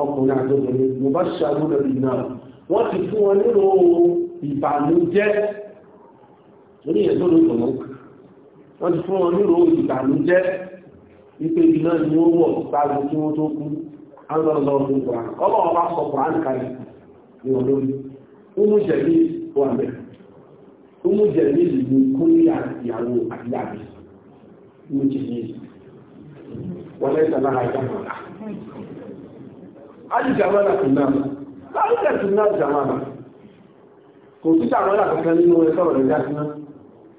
ọkùnrin àjọ́gbẹ̀rẹ̀, mo bá ṣàrú nàbì náà. Wọ́n ti fún wọn nínú ìbànújẹ́ torí ẹ̀ lórí ìdùnnú wọ́n ti fún wọn wípé ni wọ̀ wọ́n tó kú náà láàrín náà kò nínú náà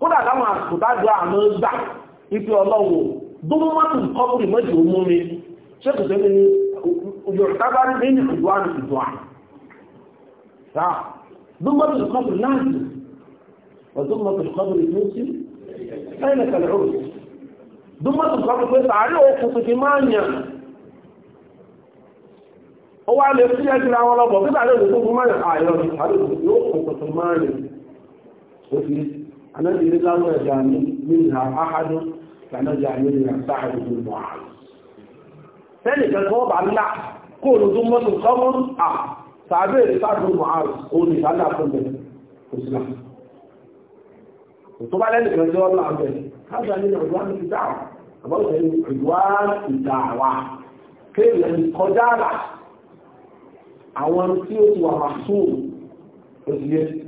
kódà láwọn àṣùbájọ́ àmọ́ gbà ipi ọlọ́wọ̀ dúnmọ́tù kọ́kùrì mọ́jì omú mi ṣe kò sẹ́ni yorùbá ní ní ìdúwà ní ìdúwà dúnmọ́tù kọ́kùrì náà sí ọdúnmọ́tù kọ́kùrì tó sí ẹ̀yìn kẹlẹ̀ òrùn dúnmọ́tù kọ́kùrì pé sàárẹ̀ òkun tuntun máa ń yàn ó wá lè fi ẹ̀sìn àwọn ọlọ́bọ̀ pé sàárẹ̀ òkun tuntun máa ń yàn àyọ̀ anábì ní láwọn ẹ̀dà ní nílà áhádó lànàjà ní ìrìn àtàrí ní mọ̀ àrùn sẹ́nì kẹ́kọ́ bá ńlá kó olùdó mọ́tò kọ́mọ́ à tàbí ìsáàdùn mọ̀ àrùn ó ní ìbálà fún bẹ̀rẹ̀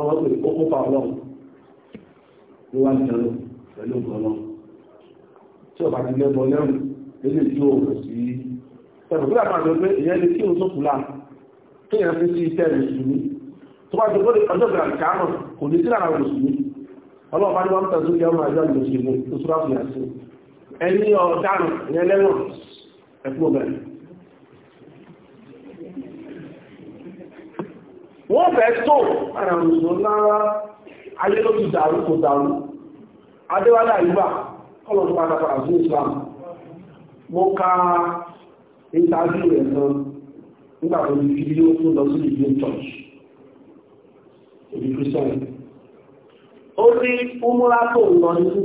àwọn pè ó kópa ọlọ́run ló wá jẹun pẹ̀lú ọlọ́run tí ọba ti lẹ́bọ lẹ́rù lélẹ̀ tí ó rẹ̀ sí ẹ̀rù kúrò àmà pé ìyẹn lè kí òun sókù láà tó yẹn fi sí iṣẹ́ mùsùlùmí tó bá jọ pé ọjọ́ ìgbà kàánà kò ní sí lára mùsùlùmí ọlọ́run bá ní wọn tẹ̀sí ìyá ọmọ àjọ mùsùlùmí tó súrà fìyà sí ẹni ọ̀daràn ìyẹn lẹ́wọ̀n ẹ̀kú ọ̀bẹ̀rẹ̀ wọ́n fẹ́ tó ara òṣèlú lára ayé ló ti dàrú kò dàrú adéwálé àyíbà ọlọ́dún pátápátá sí Islam mo ka ìtàjú rẹ̀ kan nígbà tó ti fi ó tún lọ sí ìlú church Christian ó umura tó ń lọ ní 2010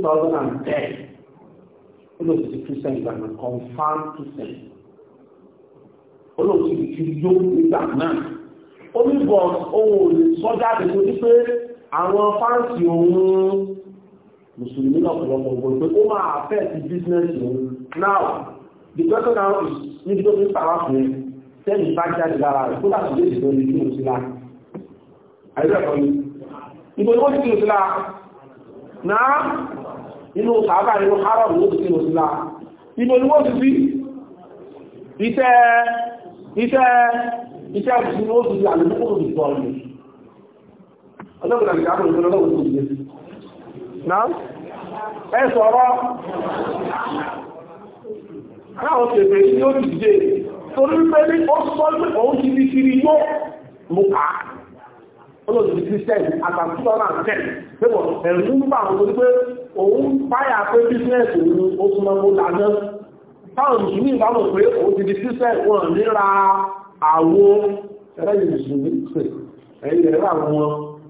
ó lọ sí Christian confam Christian ó lọ sí ìlú yóò nígbà náà oníbọn ohun ò lè sọ jáde tó ní pé àwọn fáǹsì òun mùsùlùmí lọ́pọ̀lọpọ̀ òun pé ó máa fẹ́ ti bísínẹ́sì òun now the question now is níbi tó fi pàwá fún ẹ tẹ́lì bá jáde lára rẹ̀ kó láti lè dìbò ní kí o sí lá àìsàn kan ní ìbò ní ó ti kí o sí lá náà inú sàábà nínú haram ló ti kí o sí lá ìbò ní ó ti fi iṣẹ́ iṣẹ́ iṣẹ́ àti ní ó ti di àlùkò kò ti tọ́ ọ̀lẹ̀ ọlọ́gbọ̀n àti àwọn ìṣẹ́ ọlọ́gbọ̀n tó yẹ náà ẹ sọ̀rọ̀ àwọn tẹ̀fẹ̀ ní ó ti dé torí pé ní ó sọ pé òun ti fi kiri yó mú ká olóòtú kírísítẹ́ẹ̀sì àtàkùsọ́nà tẹ̀ pẹ̀lú ẹ̀rù ń bà wọn pé òun báyà pé bísínẹ́sì òun ó súnmọ́ mú lánàá táwọn mùsùlùmí ìbámu pé òun ti di kírísítẹ́ẹ̀sì wọn níra àwo ẹlẹ́yìn mùsùlùmí pè ẹ̀yìn ẹ̀rọ àwọn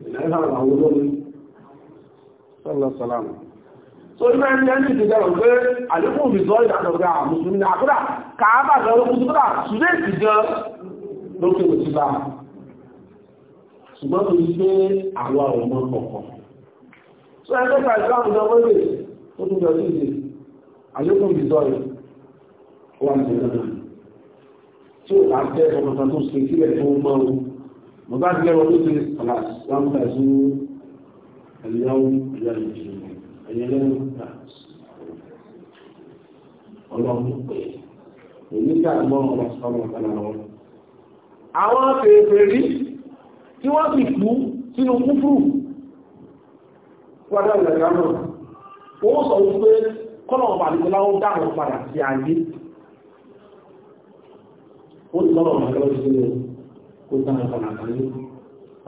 ìlànà àwọn olómi sọ́lọ́sọ́lámù so ní ẹni ẹni ti dẹ̀rọ pé àlékún ìrìsọ́ ìdàgbàgbà mùsùlùmí ní àkúrà kàábà lọ́rọ̀ kúrúkúrà ṣùgbẹ́ẹ̀sì gan lókè òtí bá ṣùgbọ́n tó ní pé àwọn ọmọ kọ̀ọ̀kọ̀ so ẹgbẹ́ ìgbà ìgbà ìgbà wọ́n lè tó tún jọ sí ìdè àlékún ìrìsọ́ tí ó bá jẹ́ ọmọkan tó ṣe sílẹ̀ tó ń mọ́ mo bá jẹ́ ọmọ tó ṣe aláàsì wọn bá sí ẹ̀yáwó ìyá ìjì ẹ̀yẹlẹ́nu ọlọ́run pé èyí ká mọ́ ọmọ sọ́mọ kan àwọn. àwọn fèrèfèrè tí wọ́n sì kú sínú kúfùrù wọ́n dá ó sọ wípé kọ́nà ọ̀bàdìgbọ́láwó dáhùn padà sí ayé ó sọ̀rọ̀ ọ̀rọ̀ sí rẹ̀ kó tán ọ̀pọ̀lá kan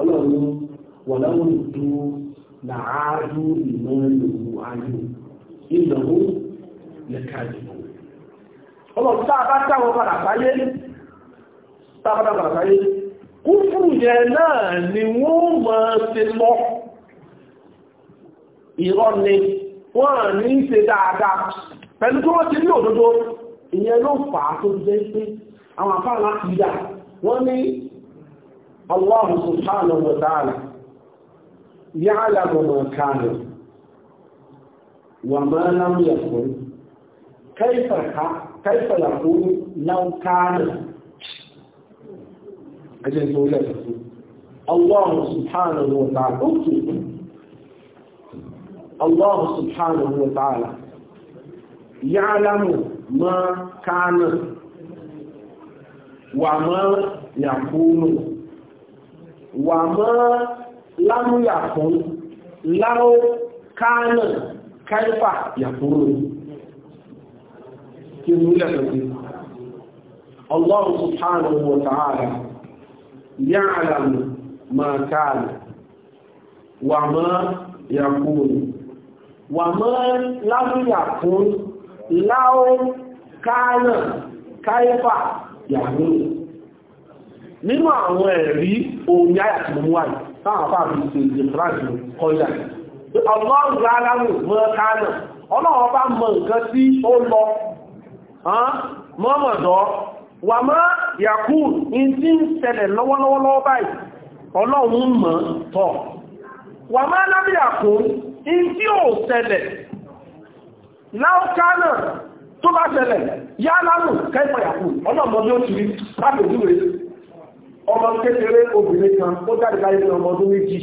ọlọ́run wà láwọn ìtú làájú ìmọ̀lòwò ayé ìlọ́wó lẹ́kàjù ọlọ́run tá a bá táwọn padà sáyé tá a bá táwọn padà sáyé kúfùrù yẹn náà ni wọ́n mọ̀ ṣe lọ ìrọ́ ni wọ́n ní ṣe dáadáa pẹ̀lú tí wọ́n ti ní òdodo ìyẹn ló fà á tó jẹ́ pé àwọn àfáà láti ìdá wọ́n ní Allahu subhanahu wa ta'ala ya'lamu ma kana wa ma lam yakun kaifa kaifa yakunu law kana ajẹ́ ìtòlẹ̀ Allahu subhanahu wa ta'ala الله سبحانه وتعالى يعلم ما كان wà mọ́ yàkúnù wà mọ́ lámúyàkún láó kánà káífà yàkúnù kí ní ilẹ̀ pẹ̀lú Allah subhanahu wa ta'ala ya'lamu ma kana wà mọ́ yàkúnù wà mọ́ lámúyàkún láó kánà káífà yàmí nínú àwọn ẹ̀rí ohun yáyà mú wáyé táwọn afá fi ṣe kọjá ọlọ́run gbáàlámù mọ́ kánà ọlọ́run bá mọ nǹkan tí ó lọ mọ́mọ̀dọ́ wà mọ́ yàkú in tí ń ṣẹlẹ̀ lọ́wọ́lọ́wọ́ báyìí ọlọ́run tó bá ṣẹlẹ̀ yá lánù kẹfà yàkù ọlọ́mọ bí ó ti rí lápèjúwe ọmọ kékeré obìnrin kan ó jáde láyé ní ọmọ ọdún méjì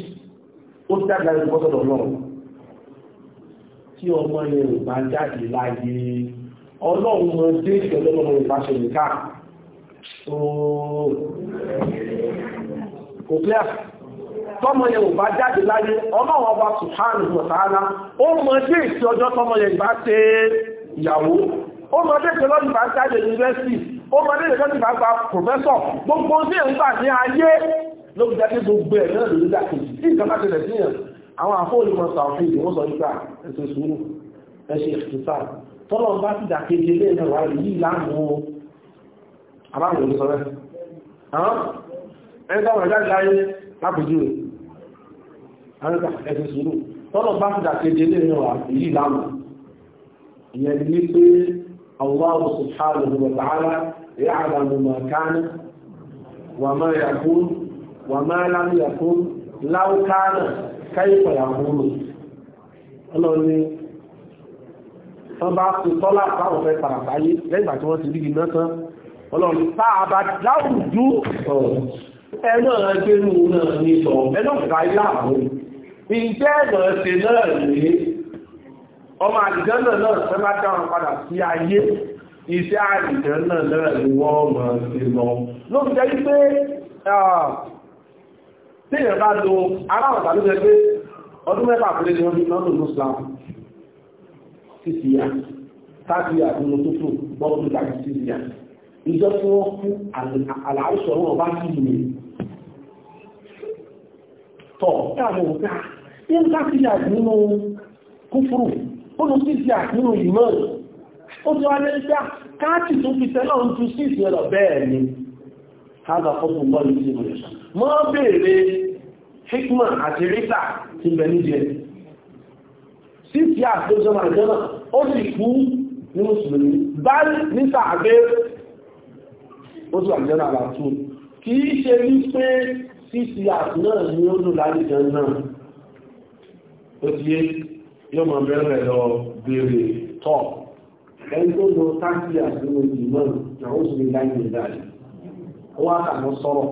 ó jáde láyé lọ́sọ̀dọ̀ náà tí ọmọ yẹn ò bá jáde láyé ọlọ́run mọ dé ìṣẹ̀lẹ̀ ọmọ ìbáṣẹ̀ nìka kò clear tọ́mọ yẹn ò bá jáde láyé ọlọ́run ọba sùhánù mọ̀tàánà ó mọ dé ìṣẹ́ ọjọ́ tọ́mọ yẹn ìbá ṣe ìyàwó ó mọ déèkì lọ́dún bá ń jáde yunifásitì ó mọ déèkì lọ́dún bá ń gba pòfẹ́sọ̀ gbogbo ní ẹ̀ ń gbà ní ayé ló fi jáde gbogbo ẹ̀ náà lórí dàkejì tí nǹkan bá tẹ̀lẹ̀ sí yẹn àwọn àfóònùmọ̀ sàfihàn ìwọ́n sọ nípa ẹ̀sẹ̀ sùúrù ẹ̀sẹ̀ ìfìsà tọ́lọ̀ bá ti dàkejì ilé ẹ̀ wà rí lánàá àbáwọn olùsọ rẹ̀ ẹni tọ́wọ̀ ẹ̀dá ìdáyé lápùjú rẹ̀ àríkà ẹ̀sẹ̀ sùúrù tọ́lọ̀ bá ti dàkejì ilé ẹ̀ wà rí lánàá ìyẹn ni pé الله سبحانه وتعالى يعلم ما كان وما يكون وما لم يكن لو كان كيف يكون Ọlọ́run ni wọ́n bá ti tọ́lá pàwọn fẹ́ pàràpáyé lẹ́gbà tí wọ́n ti rígi náà tán Ọlọ́run táà bá láwùjú ẹ̀nà ẹgbẹ́rún náà ní sọ ẹ̀nà ìgbà ilá àwọn ìjẹ́ ẹ̀nà ẹ̀sẹ̀ náà rèé ọmọ àdìjọ́nà náà fẹ́ bá dáwọn padà sí ayé iṣẹ́ àdìjọ́nà náà ni wọ́n mọ̀ sí lọ ló fi jẹ́ pé tíyàn bá lo aráwọ̀ tàbí jẹ́ pé ọdún mẹ́fà pẹ̀lú ni wọ́n fi lọ́nà muslim títí ya tàbí àdúgbò tó tó bọ́ọ̀dún tàbí títí ya ìjọ tí wọ́n kú àlàáṣọ́ wọn bá kí ni tọ̀ káàmù òkú nígbà tí yà nínú kúfúrù olù sísì àkínú ìmọ̀ ó ti wá lẹ́gbẹ́ káàkì tó fi tẹ́lọ̀ ń tu sísì ẹ̀lọ bẹ́ẹ̀ ni hádà fọ́tún bọ́ ní sísì rẹ̀ mọ́ bèèrè hikman àti rita ti bẹ̀ níjẹ sísì àkójọmọ̀ àjọ́nà ó sì kú ní mùsùlùmí báyìí ní sàbẹ́ ó sì àjọ́nà àlàtún kì yóò máa bẹ̀rẹ̀ lọ bèèrè tọ́ ẹni tó lọ táàkì àdúgbò ìmọ̀ náà ó sì láì ní ìdáyé ó wá kàmọ́ sọ̀rọ̀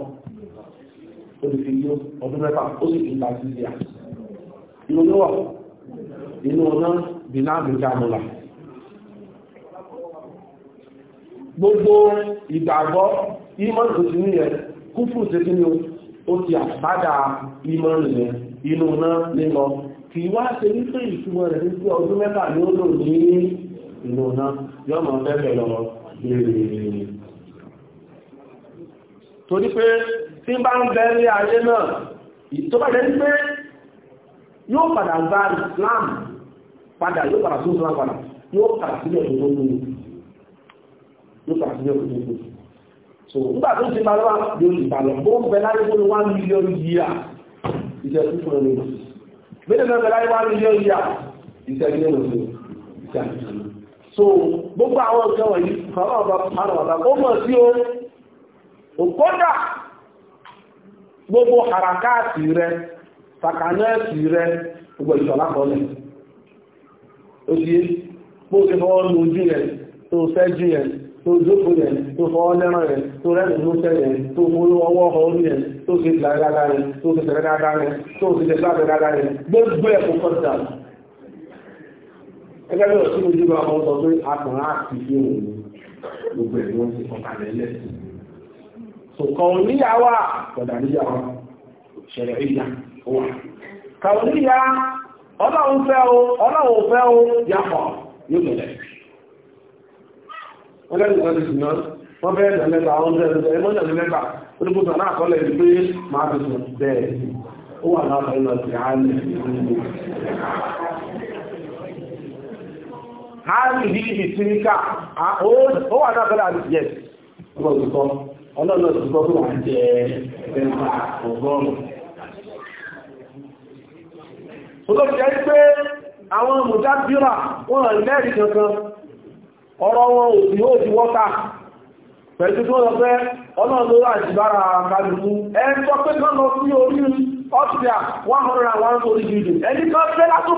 ó ti fi yó ọdún mẹ́fà ó sì fi láti ìdíyà inú ló wà inú ọ̀nà bìnà àbújá mọ́lá gbogbo ìgbàgbọ́ ìmọ̀ tó ní ẹ kúfù tẹ́kí ni ó ti àbádà ìmọ̀ nìyẹn inú náà nílọ kì í wá ṣe wípé ìtumọ̀ rẹ̀ wípé ọdún mẹ́ta ni ó lò ní ìlú náà yọ́ mọ̀ fẹ́fẹ́ lọ gbèrè torí pé tí bá ń bẹ ní ayé náà tó bá jẹ́ pé yóò padà gba Islam padà yóò padà tún Islam padà yóò padà sílẹ̀ tó tó mú yóò padà sílẹ̀ tó tó so nígbà tó ti bá lọ́wọ́ yóò ti bá lọ bó ń bẹ láyé fún one million year ìjẹ́ fífún ẹni bẹ́ẹ̀ náà láyé wá ní ilé ìyá ìṣẹ́gbẹ́ òṣèlú ìṣàkíyàn so gbogbo àwọn nǹkan wọ̀nyí fọ́nà ọba fọ́nà ọba ó mọ̀ sí o òkódà gbogbo harakáàtì rẹ sakanẹ́ẹ̀tì rẹ gbogbo ìṣọ̀lá kọlẹ̀ ó ti yé bó ṣe fọwọ́ nu ojú yẹn tó fẹ́ jú yẹn tó jókòó yẹn tó fọwọ́ lẹ́ràn yẹn tó rẹ́rìn músẹ́ tó múlò ọwọ́ ọ̀hún yẹn tó ṣe ìlà dáadáa tó ṣe tẹ̀lé dáadáa tó ṣe tẹ̀lé dáadáa gbogbo ẹ̀ kò ọlọ́run fẹ́ o ọlọ́run fẹ́ o yàtọ̀ yóò wọ́n lẹ́nu kan ti sùn náà wọ́n bẹ́ẹ̀ nà mẹ́ta wọ́n bẹ́ẹ̀ nà ẹ̀mọ́ nà mẹ́ta olùkóso náà kọ́ lẹ́yìn máa ti sùn bẹ́ẹ̀ ó wà láàbà ìlọ sí àálì ìlú àálì yìí ìsinika ó wà náà kọ́lá àti yẹn ọgbọ̀n ti kọ́ ọlọ́run ti kọ́ jẹ ẹ̀fà ọgọ́rùn-ún olóòjẹ́ pé àwọn lẹ́rìí kankan ọ̀rọ̀ wọn ò sí ó ti wọ́ta pẹ̀lú tó lọ pé ọlọ́run ló rà jìbára pé kán lọ sí orí ọ́sìá 101 orí jìdì ẹni kan fẹ́ tó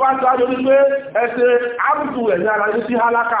bá tí wípé ẹsẹ àrùtù ara ní sí hálákà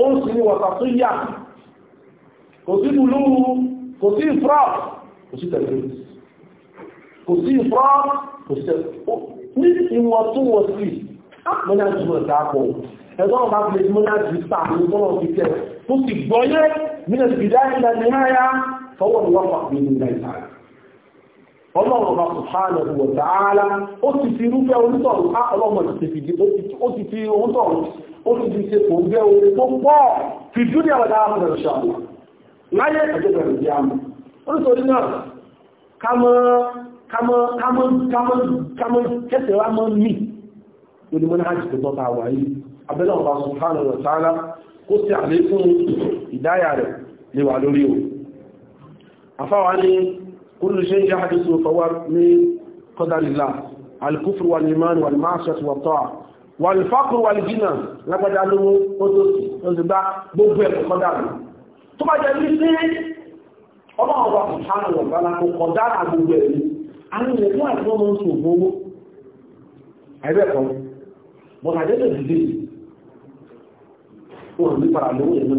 ó ń sì ní wọ̀sàtúyà kò sí búlúù kò sí ìfrọ́ kò sí tẹ̀lé kò sí ìfrọ́ kò sí tẹ̀lé ní ìwọ̀ntúnwọ̀sí mọ́nájú ọ̀dápọ̀ ẹ̀tọ́ ọ̀bá fi lè mọ́nájú sáàmù tọ́lọ̀ fi tẹ̀ tó sì gbọ́yẹ́ mílẹ̀ ìdáyẹ̀ ìdáyẹ̀ fọwọ́ ìwọ́pàá nínú ìdáyẹ̀ ọlọ́run bá sùhánà wọ̀ dáálá ó ti fi irúfẹ́ onítọ̀run á ọlọ́mọ ti fi ó ti fi onítọ̀run ó ti fi ṣe kò gbé orí tó pọ̀ fi dúdí àwọn dára fún ẹ̀rọ ṣàmù láyé ẹ̀jẹ̀ bẹ̀rẹ̀ bí àmì onítorí náà kámọ́ kámọ́ kámọ́ kámọ́ kámọ́ kẹsẹ̀ wá mọ́ mì lórí mọ́nà àti tó tọ́ta wà yìí abẹ́lẹ́ ọba sùhánà wọ̀ dáálá kó sì àlékún ìdáyà rẹ̀ lè wà lórí o àfáwa ni كل شيء يحدث فهو من قدر الله الكفر والإيمان والمعصية والطاعة والفقر والغنى لقد علموا قدس قدس gbogbo ẹ̀kọ́ kọ́dára tó bá jẹ́ ní sí ọlọ́run wa subhanahu wa ta'ala kò kọ́dára gbogbo ẹ̀rí àwọn ilẹ̀ tó àti wọ́n mọ́ sí ògbó owó ẹgbẹ́ kan bọ́n àjẹ́lẹ̀ dìde wọn ní para lówó ẹ̀mọ́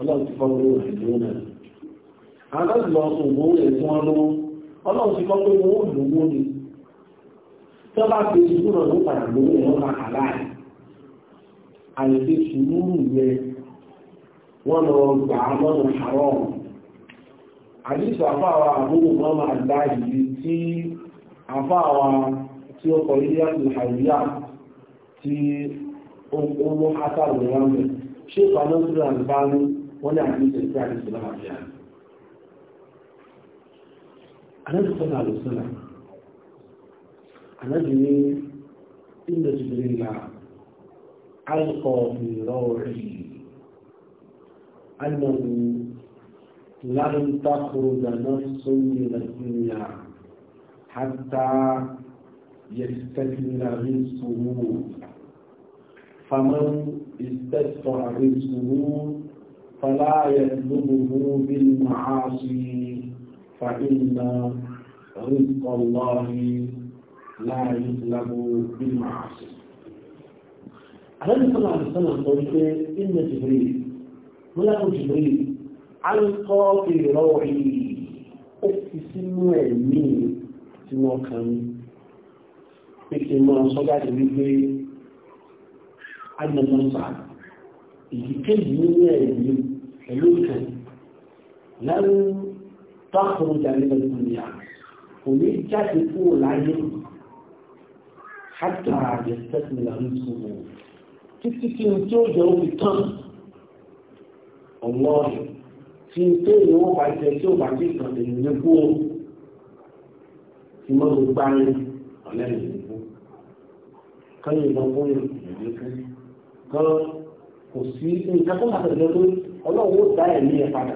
ọlọ́run ti fọ́ lówó ẹ̀mọ́ náà aláàrùn lọ ògbó rẹ̀ fún wọn ọlọ́run ti kọ́ pé owó lówó ni tó bá fi sùúrù náà ló padà lówó ẹ̀ wọ́n máa kàlá àìsí sùúrù yẹ wọ́n lọ gbà á lọ́nà àárọ̀ àdìsọ àfáàwà àbúrò wọn máa dá ìdí tí àfáàwà tí ó kọ ilé àti àìyá tí owó hátàlù wọn mẹ ṣé ìpamọ́sílẹ̀ àgbáyé wọ́n ní àdìsọ ìpínlẹ̀ àdìsọ náà النبي صلى الله عليه وسلم النبي إن جبريل ألقى في روحي أنه لن تخرج نفس من الدنيا حتى يستثمر رزقه فمن استثمر رزقه فلا يطلبه بالمعاصي فإن رزق الله لا يطلب بالمعاصي النبي صلى الله عليه وسلم قال إن جبريل ملك جبريل علقى في روعي أفتي سنو أمين سنو كان pèsè mọ́ sọ́gájì wípé agbẹ̀mọ́sà ìdíkéjì nínú ẹ̀yìn pẹ̀lú ìkẹ́ lẹ́rù tọ́kùnrin jàmílẹ̀ ìpínlẹ̀ kò ní jáde kúrò láyé hátà àjẹsẹ́sìnlá ń sùn títí tí n tí ó jẹ́ òbí tán ọ̀wọ́n tí n tó ìwọ́n bá jẹ tí ó bá jẹ ìtàn èyí ní kú ó ti mọ́ gbogbo ayé ọ̀lẹ́yìn ní kú kọ́yìn ìbọn fún ìrìn ní kú gan kò sí nǹkan tó máa tẹ̀lé pé ọlọ́run ó dá ẹ̀mí ẹ̀ padà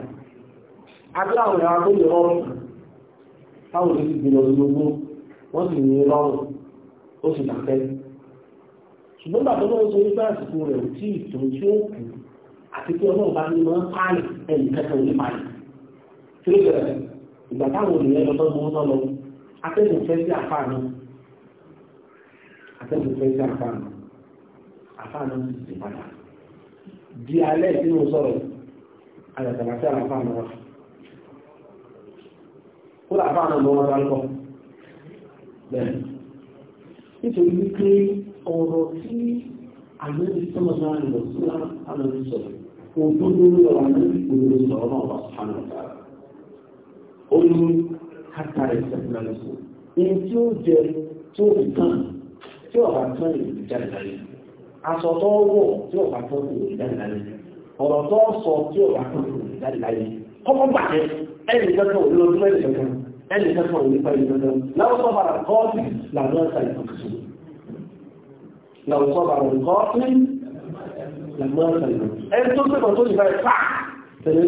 agbáwọn ẹ̀rọ agbóyè rọrùn táwọn ló ti gbìyànjú ológun wọ́n sì ní rọrùn ó sì dàpẹ́ ṣùgbọ́n bàbá náà sọ wípé àsìkò rẹ̀ ò tí ìtò tí ó kù àti pé ọlọ́run bá ní máa ń pààyàn ẹnì kẹsàn-án pààyàn tí ó bẹ̀rẹ̀ ìgbà táwọn olùyẹn lọ sọ́dún wọn lọ atẹ́gùn fẹ́ sí àfáà náà atẹ́gùn fẹ́ sí àfáà náà àfáà náà sì ti padà di alẹ́ tí mo sọ̀rọ̀ àyàtàlá sí náà kó làbá àwọn ọmọ ọmọ ọmọ bẹ́ẹ̀ nítorí wípé ọ̀rọ̀ tí àgbẹ̀bí sọ́mọ náà lọ sí àlọ́bí sọ̀rọ̀ òdodo ló lọ́wọ́ àgbẹ̀bí òdodo sọ̀rọ̀ náà wà sánà ọ̀tá ó ní káta ìsẹ̀kúnlá lọ́sọ̀ èyí tí ó jẹ tí ó fi tán tí ọ̀bà tán ìlú jáde láyé aṣọ tó wọ̀ tí ọ̀bà tán ìlú jáde láyé ọ̀rọ̀ tó sọ tí ọ̀bà tán ìlú jáde láyé kọ́kọ́ bàjẹ́ ẹnì kankan òdodo tó ẹni kẹfọ́ nípa ìgbẹ́dẹ́ láwùsọ bàrà kọ́ọ̀tì làwọn ẹ̀ka ìfọ̀kùsù láwùsọ bàrà kọ́ọ̀tì làwọn ẹ̀ka ìfọ̀kùsù ẹni tó sẹ́kọ̀ọ́ tó nípa ẹ̀fà tẹ̀lé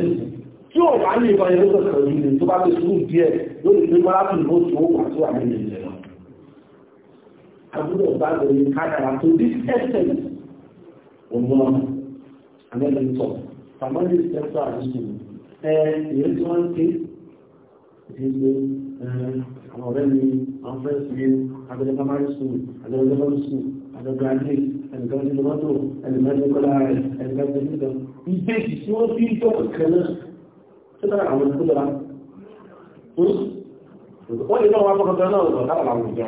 tí ó bá ní ìfọ̀ ẹ̀rọ kẹfọ́ yìí ni tó bá ti sùn díẹ̀ lórí pé mọ́láfin ó tó wà tó wà nínú ilẹ̀ lọ. àbúrò bá lè ní kádàrà tó dí ẹsẹ̀ ọmọ àmẹ́lẹ́ńtọ̀ tàmọ́lẹ́ ìṣẹ́fọ́ àdúgbò ẹ̀ ìrètí wọn ké ilé eh, àwọn ọ̀rẹ́ mi àwọn fẹ́ sí abẹ́lẹ́ primary school abẹ́lẹ́ elementary school abẹ́lẹ́ graduate ẹnìkan ti lọ́tò ẹnìkan ti kọ́lá rẹ̀ ẹnìkan ti nìkan ìbéèkì tí wọ́n fi jọ kẹ̀kẹ́ náà tó dára àwọn tó dára wọ́n lè náà wá kọ́kọ́ náà wọ̀ lára àwọn ìjọ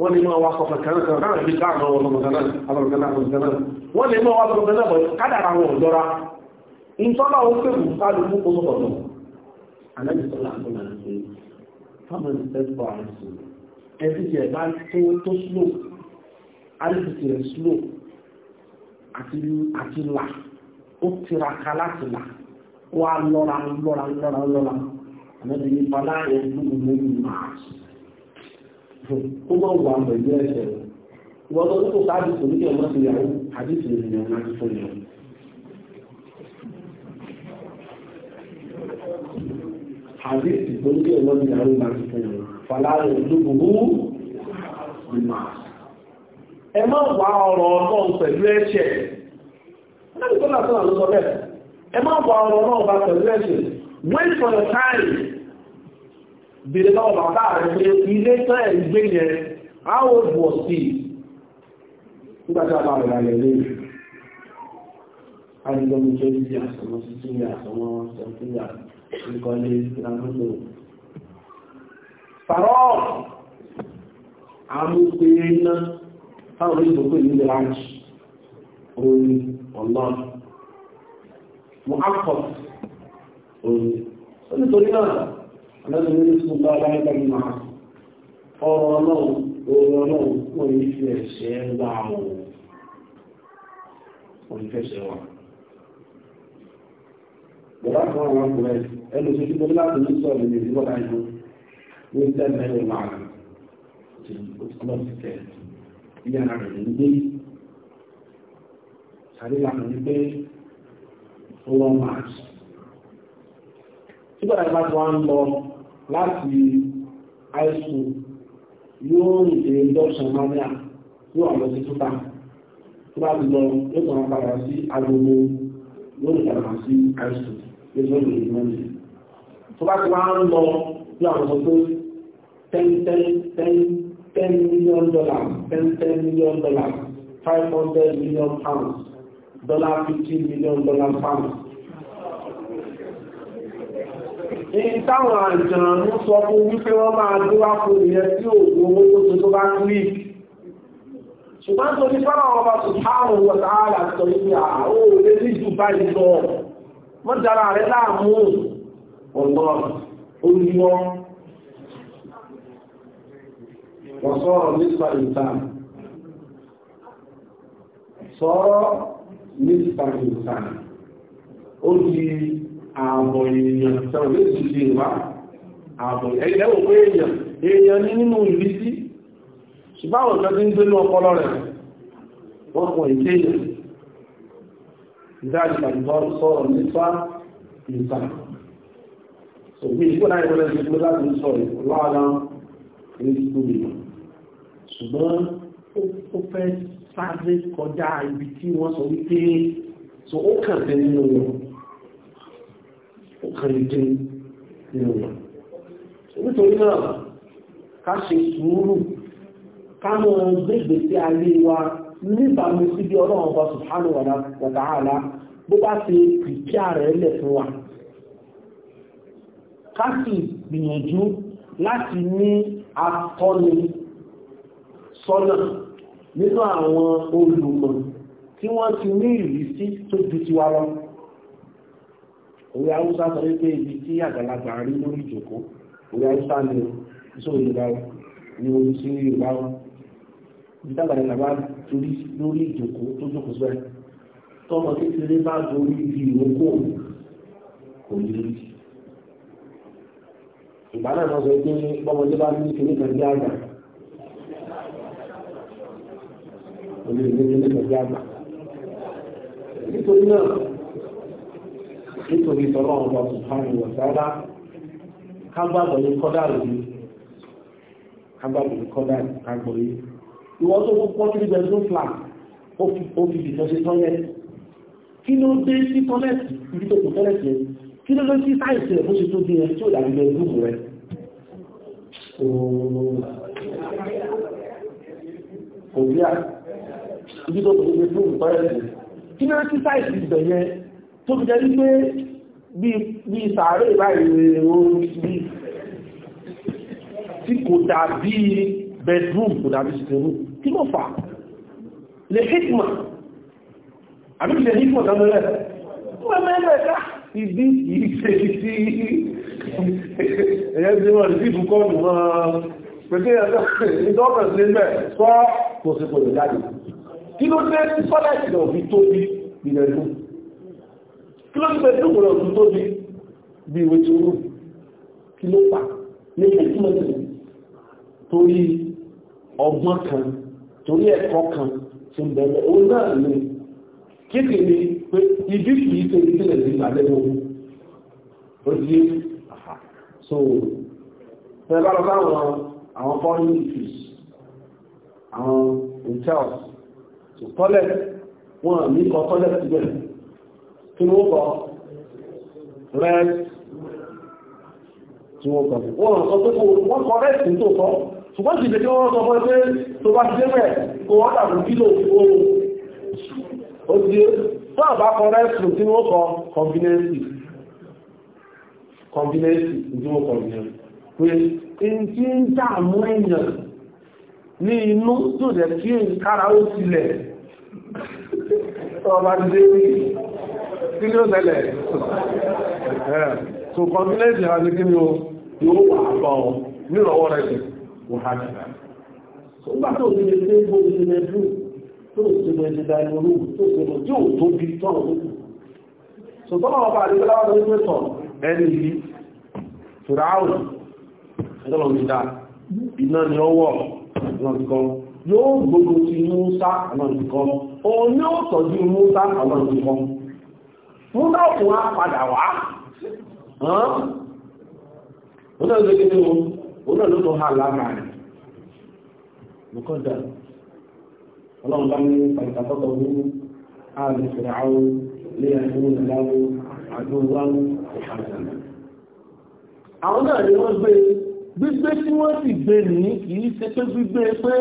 wọ́n lè máa wá kọ́kọ́ kan kan lára ibi ká àwọn ọmọ kan náà àwọn kan náà àwọn kan náà wọ́n lè máa wá kọ́kọ́ náà bọ̀ kádàrà àwọn ọ̀dọ́ra ìtọ́lá ó pè mú kálukú kó sọ̀tọ̀ aláìsọ́lá àtọ́lá ṣe fáwọn ìfẹ́fọ́ àìsàn ẹbí tí ẹ bá tó tó sló àìsàn tí ẹ sló àti là ó tiraka láti là wà lọ́ra lọ́ra lọ́ra lọ́ra àmọ́bí ní bọ́lá ẹ̀dùn ìlú máa kó mọ̀ wà pẹ̀lú ẹ̀ṣẹ̀ wọ́n tó tó sáájú kò ní kí ọmọ ti yàwó àdìsí ìrìnà láti fún yàwó àdéhùn tó ń gbé ọlọ́dún ìyàwó ìgbà tó fún un fàlàrẹ̀ olóògbò ìmọ̀. ẹ má wá ọ̀rọ̀ ọlọ́run pẹ̀lú ẹ̀ṣẹ̀ ẹ má wá ọ̀rọ̀ ọlọ́run bá pẹ̀lú ẹ̀ṣẹ̀ wait for your time bèrè lọ́wọ́ bàbá rẹ̀ pé ilé tán ẹ̀ gbé yẹn was he nígbà tí a bá rẹ̀ rẹ̀ lẹ́yìn Adìgbọ́n mi jẹ́ ìdí àsọ̀mọ́ sí sí ìyá àsọ̀mọ́ sí ìkọlé ìlànàlò fàrọ́ àmúgbé iná táwọn ìgbòkó ìlú ìlànà orí ọlọ́run muhammad orí nítorí náà ọlọ́run ní ṣùgbọ́n bá bá nípa ìmọ̀ ọ̀rọ̀ ọlọ́run orí ọlọ́run wọ́n ní fi ẹ̀ṣẹ̀ ń bá àwọn òun ìfẹ́ṣẹ̀ wọn without one one bread, and if you do not do so, then you do what I do. We send men in line. It's not said. Ìyá rẹ̀ ń gbé. Sàrí lànà ní pé ó wọ́n máa ṣe. Tí bàbá ìbá tó wá ń lọ láti high school yóò rìn dé Dọ́sán Mania yóò àlọ́ sí Túta. Tí bá ti lọ, yóò lè mọ́ ní. tó bá ti wá ń lọ bí àwọn sọ pé ten ten ten ten million dollars ten ten million dollars five hundred million pounds dollar fifteen million dollar pounds. Èyí táwọn àjànú sọ fún wípé wọ́n máa dúwá fún ìyẹn tí òògùn owó tó tó tó bá ń rí. Ṣùgbọ́n tó ní fọ́nà ọba Subhanahu wa ta'ala sọ yìí àwọn òun lè ní jù báyìí mọ́dára rẹ̀ láàmú ọ̀gbọ́ olúwọ́ wọ̀sọ́rọ̀ nípa ìtàn sọ́rọ̀ nípa ìtàn ó di ààbọ̀ èèyàn tẹ́wọ̀ lẹ́sù sí ìwá ààbọ̀ ẹgbẹ́wò pé èèyàn èèyàn ní nínú ìrísí ṣùgbáwọ̀ tẹ́ ذلك البر صار نصفا إنسان So mi ìgbọ́n láì wọlé ṣe gbọ́dá tó ń sọ ìpòlára ní ìgbòmìnà. o ó fẹ́ sáré kọjá ibi tí wọ́n sọ wípé so ó o tẹ nínú wọn. Ó kàn lè dé nínú wọn. Nítorí náà, ká ṣe sùúrù, ká mọ gbégbèsè ayé wa níbàámu sí bí ọlọ́run ọba subhanahu wa ta'ala bó bá ṣe pìpíà rẹ̀ lẹ̀ fún wa ká sì gbìyànjú láti ní atọ́ni sọ́nà nínú àwọn olùmọ̀ tí wọ́n ti ní ìrísí tó ju ti wa lọ orí haúsá sọ wípé ibi tí àgbàlagbà rí lórí ìjòkó orí haúsá ni ìṣòro ìgbà ni orí sí ìgbà wọn ìdábàdà bàbá torí lórí ìjòkó tó jókòó sọ́ẹ̀ tọ́mọ kékeré bá gorí ibi ìrókò kò ní rí ìgbà náà lọ sọ pé bọ́mọdé bá ní kéré kan bí àgbà òní ìlú kéré kan bí àgbà nítorí náà nítorí tọ́lọ́ ọba sùpáàlù wọ̀sáàlá kágbàgbọ̀ ní kọ́dà rèé kágbàgbọ̀ ní kọ́dà àgbọ̀yé ìwọ́n tó fún pọ́tìrì bẹ̀rún flag ó fi ìtọ́ sí tọ́lẹ̀tì kí ló dé sí tọ́lẹ̀tì ibi tó kù tọ́lẹ̀tì ẹ̀ kí ló dé sí sáìsì ẹ̀ bó ṣe tó dín ẹ̀ tí ó dàbí bẹ̀rún rúùmù rẹ̀ òbí à ibi tó kù tọ́lẹ̀tì bedroom kò dàbí sitting room kí ló fà lè hikma àbí lè hikma tán lọ́lẹ̀ wọ́n mẹ́lẹ̀ ká ah, ìdí ìṣe sí ẹ̀yẹ́ tí wọ́n rí fífún kọ́ nù máa pẹ̀lú ìdọ́pẹ̀ sí mẹ́ sọ́ kò sí kò lè jáde kí ló dé sí sọ́lẹ̀tì lọ fi tóbi ilẹ̀ lù kí ló dé sí kòrò fi tóbi bí ìwé tí ó rù kí ló fà lè hikma torí ọgbọ́n kan torí ẹ̀kọ́ kan tí ń bẹ̀rẹ̀ òun náà ní kékeré pé ibi kìí ṣe ìdílé sí àbẹ́wò ó di so fẹ́ bá lọ sáwọn àwọn foreign issues àwọn hotels to toilet wọn ní kọ toilet síbẹ̀ kí wọ́n kọ rest tí wọ́n kọ wọ́n kọ pé wọ́n kọ rest tó kọ́ ṣùgbọ́n sì lẹ́jọ́ wọ́n sọ fún ẹgbẹ́ tó bá ṣe mẹ́ kó wọ́n tàbí kílò oòrùn ó ti tó àbá kan rẹ́sùn tí wọ́n kọ kọmbinẹ́sì kọmbinẹ́sì tí wọ́n kọmbinẹ́sì pé in tí ń dààmú èèyàn ní inú tó jẹ́ kí n kára ó sílẹ̀ ọba dé kí wàhálà tó bá tó ti lè pé bó ti lè dùn tó ti lè ti da ìlú tó ti lè yóò tóbi tọ́rọ lókù sọ̀tọ́nà ọba àdìgbẹ́lá wọn lórí pé tọ̀ ẹni yìí tùràùn ẹgbẹ́lọ́ mi òun náà ló tó hà lára rẹ̀ nǹkan dà ọlọ́run bá ní pàtàkọ́tọ̀ wú ààrẹ fèrè àwọn ilé ẹ̀fún ìlàwó àdúgbò ìhàjànà àwọn náà ni wọ́n gbé gbígbé tí wọ́n sì gbé ní kìí ṣe pé gbígbé pé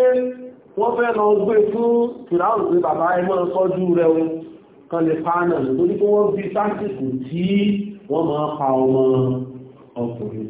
wọ́n fẹ́ lọ gbé fún fìràùn pé bàbá ẹmọ́ sọ́jú rẹ̀ wọn kan lè pàánà lórí pé wọ́n bí sásìkò tí wọ́n máa pa ọmọ ọkùnrin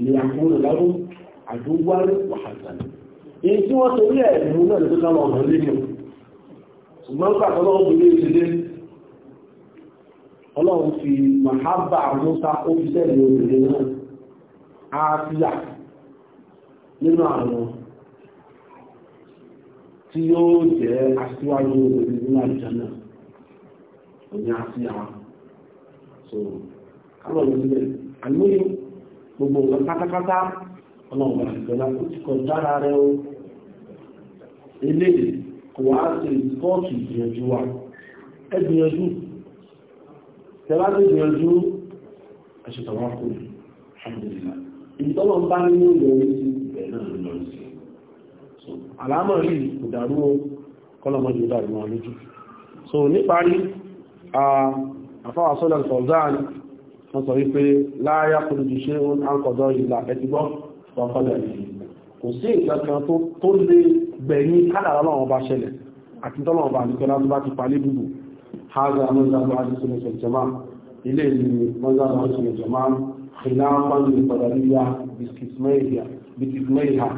ìyàkúrò lábún àdúgbárí wàhásánà èyí tí wọ́n torí ẹ̀ náà tó dáwọn ọmọ ilé nù ṣùgbọ́n pàtó lọ́wọ́ tó fi mahaba e musa ó fi sẹ́ẹ̀lì obìnrin nínú àwọn gbogbo nǹkan pátápátá ọlọ́run bá ṣùgbọ́n náà ó ti kọ dára rẹ o eléyìí kò wá ṣe ìsọ́ọ̀tù ìgbìyànjú wa ẹ gbìyànjú tẹ́lá tó gbìyànjú ẹ̀ṣẹ̀tọ̀wá kò ní alhamdulillah ìtọ́lọ̀ ń bá nínú ìyọrí sí ìbẹ̀ náà lọ sí àlámọ̀ rí kò dàrú kọ́lọ̀mọ́jú dàrú wọn lójú so níparí àfáwà sọ́lọ̀ wọ́n sọ wípé láyá kúròjì ṣe ó ń kọ̀dọ̀ ìlà ẹtìgbọ́ ọ̀kọ̀dọ̀ kò sí ìkankan tó lè gbẹ̀yìn kádàrá ọlọ́run ọba ṣẹlẹ̀ àti tọ́lọ́run ọba àti tọ́lá tó bá ti palé bùbù haza mọ́zàbọ̀ àdìsílẹ̀ jọmá ilé ìlú mọ́zàbọ̀ àdìsílẹ̀ jọmá ìlànà ìpàdàríyà bìtìsmẹ́ìhà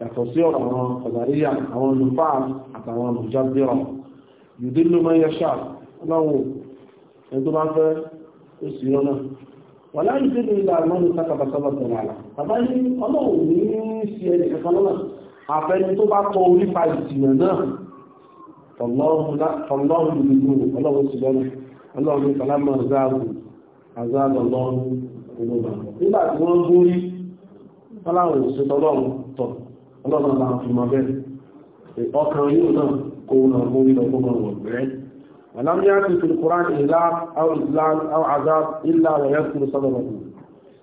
yàtọ̀ sí ọ̀rọ̀ àwọn ọ̀dàríyà àwọn olùfáà àtàwọn olùjábíràn yùdílùmọ́ yẹ́ṣà láwọn ẹni tó bá fẹ́ ó sì rọ́nà wà láyé tí ó ìlà àmọ́nù sákàbàsábà tẹ̀lé àlà bàbá ní ọlọ́run ní sí ẹni kankan lọ́nà àfẹni tó bá tọ orí fa ìjìnà náà tọ̀lọ́run ìlú ọlọ́run sì lọ́nà ọlọ́run ní kàlámọ̀ záàbù àzáàbù ọlọ́run ìlú nígbà tí wọ́n gúrí ọláwọn òṣèlú ọlọ́run tọ̀ ọlọ́run àbáwọn fi mọ bẹ́ẹ̀ ọkàn yóò náà kó ولم يأتي في القرآن إله أو إذلال أو عذاب إلا ويذكر صدره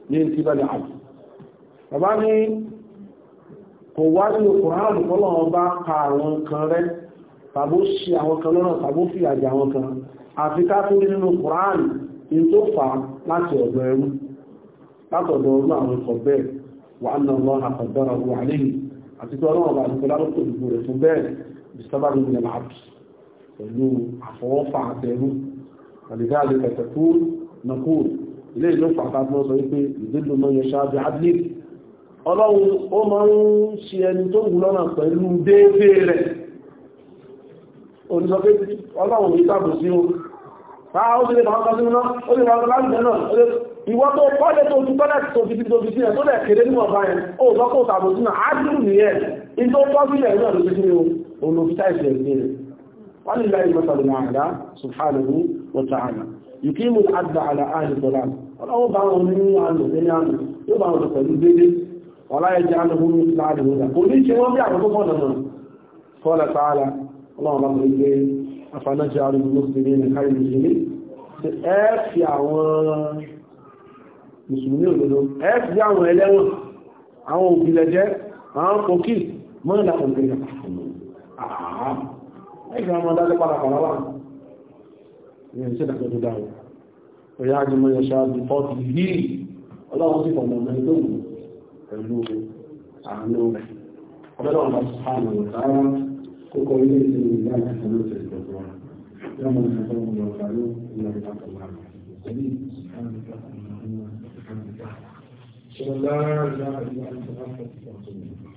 من قبل عبد bàbá ní kò wá nínú Kùránì Ọlọ́run bá pa àwọn kan rẹ́ tàbó ṣe àwọn kan lọ́nà tàbó fi àjẹ àwọn kan àfi ká tó nínú Kùránì in tó fà láti ọ̀dọ̀ ẹrú látọ̀dọ̀ ọdún àwọn ikọ̀ bẹ́ẹ̀ wà ní ọlọ́ àkọ̀dọ́rọ̀ wà lẹ́yìn àti tó ọlọ́run bá ti kọ́ lárúkọ̀ ìgbò rẹ̀ fún bẹ́ẹ̀ ìsábàbí ní àbùsù pẹ̀lú àfọwọ́fà abẹ̀rú àdìgáàlì pẹ̀tẹ̀kú nàkú ilé ìlú pàtàkì lọ́sọ wípé ìdílù mọ́ yẹn ṣáájú adlib ọlọ́run ó máa ń ṣe ẹni tó wù lọ́nà pẹ̀lú déédéé rẹ̀ òní sọ pé ọlọ́run ní o táà ó sì lè máa kọsí náà ó lè máa láti náà ìwọ tó kọ́lẹ̀ tó ti tọ́lẹ̀ tó fi tó fi sílẹ̀ tó lẹ̀ kéde níwọ̀n báyẹn ó lọ́kọ̀ tàbí ولله المثل الأعلى سبحانه وتعالى يقيم العدل على أهل الظلام ولو بعضهم من عنه إني عنه يبعض القليل ولا يجعلهم مثل عدل هدى قل لي شيء وبيعرف قال تعالى اللهم رب الجيل أفنجعل المسلمين خير المسلمين ẹ fi àwọn mùsùlùmí òdodo ẹ fi bí àwọn ẹlẹ́wọ̀n àwọn òbílẹ̀jẹ́ àwọn kòkí ẹgbẹ́ ọmọ dájọ́ padà padà wà ní ẹ̀ṣẹ́ ìdájọ́ tó dáwọ́ ọ̀yá agbẹ̀mọ̀ yẹ̀ṣà bí fọ́tí yìí ọlọ́run sí fọ̀mọ̀ ọmọ ẹgbẹ́ òun pẹ̀lú àánú rẹ̀ ọlọ́run bá sùpáàmù ọ̀tára kókọ ilé ìsinmi ìlànà ìfọ̀mọ̀ ìfọ̀mọ̀ يوم يحضرهم لو قالوا إلا بحق الله سبحانك اللهم وبحمدك أشهد أن لا إله إلا أنت أستغفرك وأتوب إليك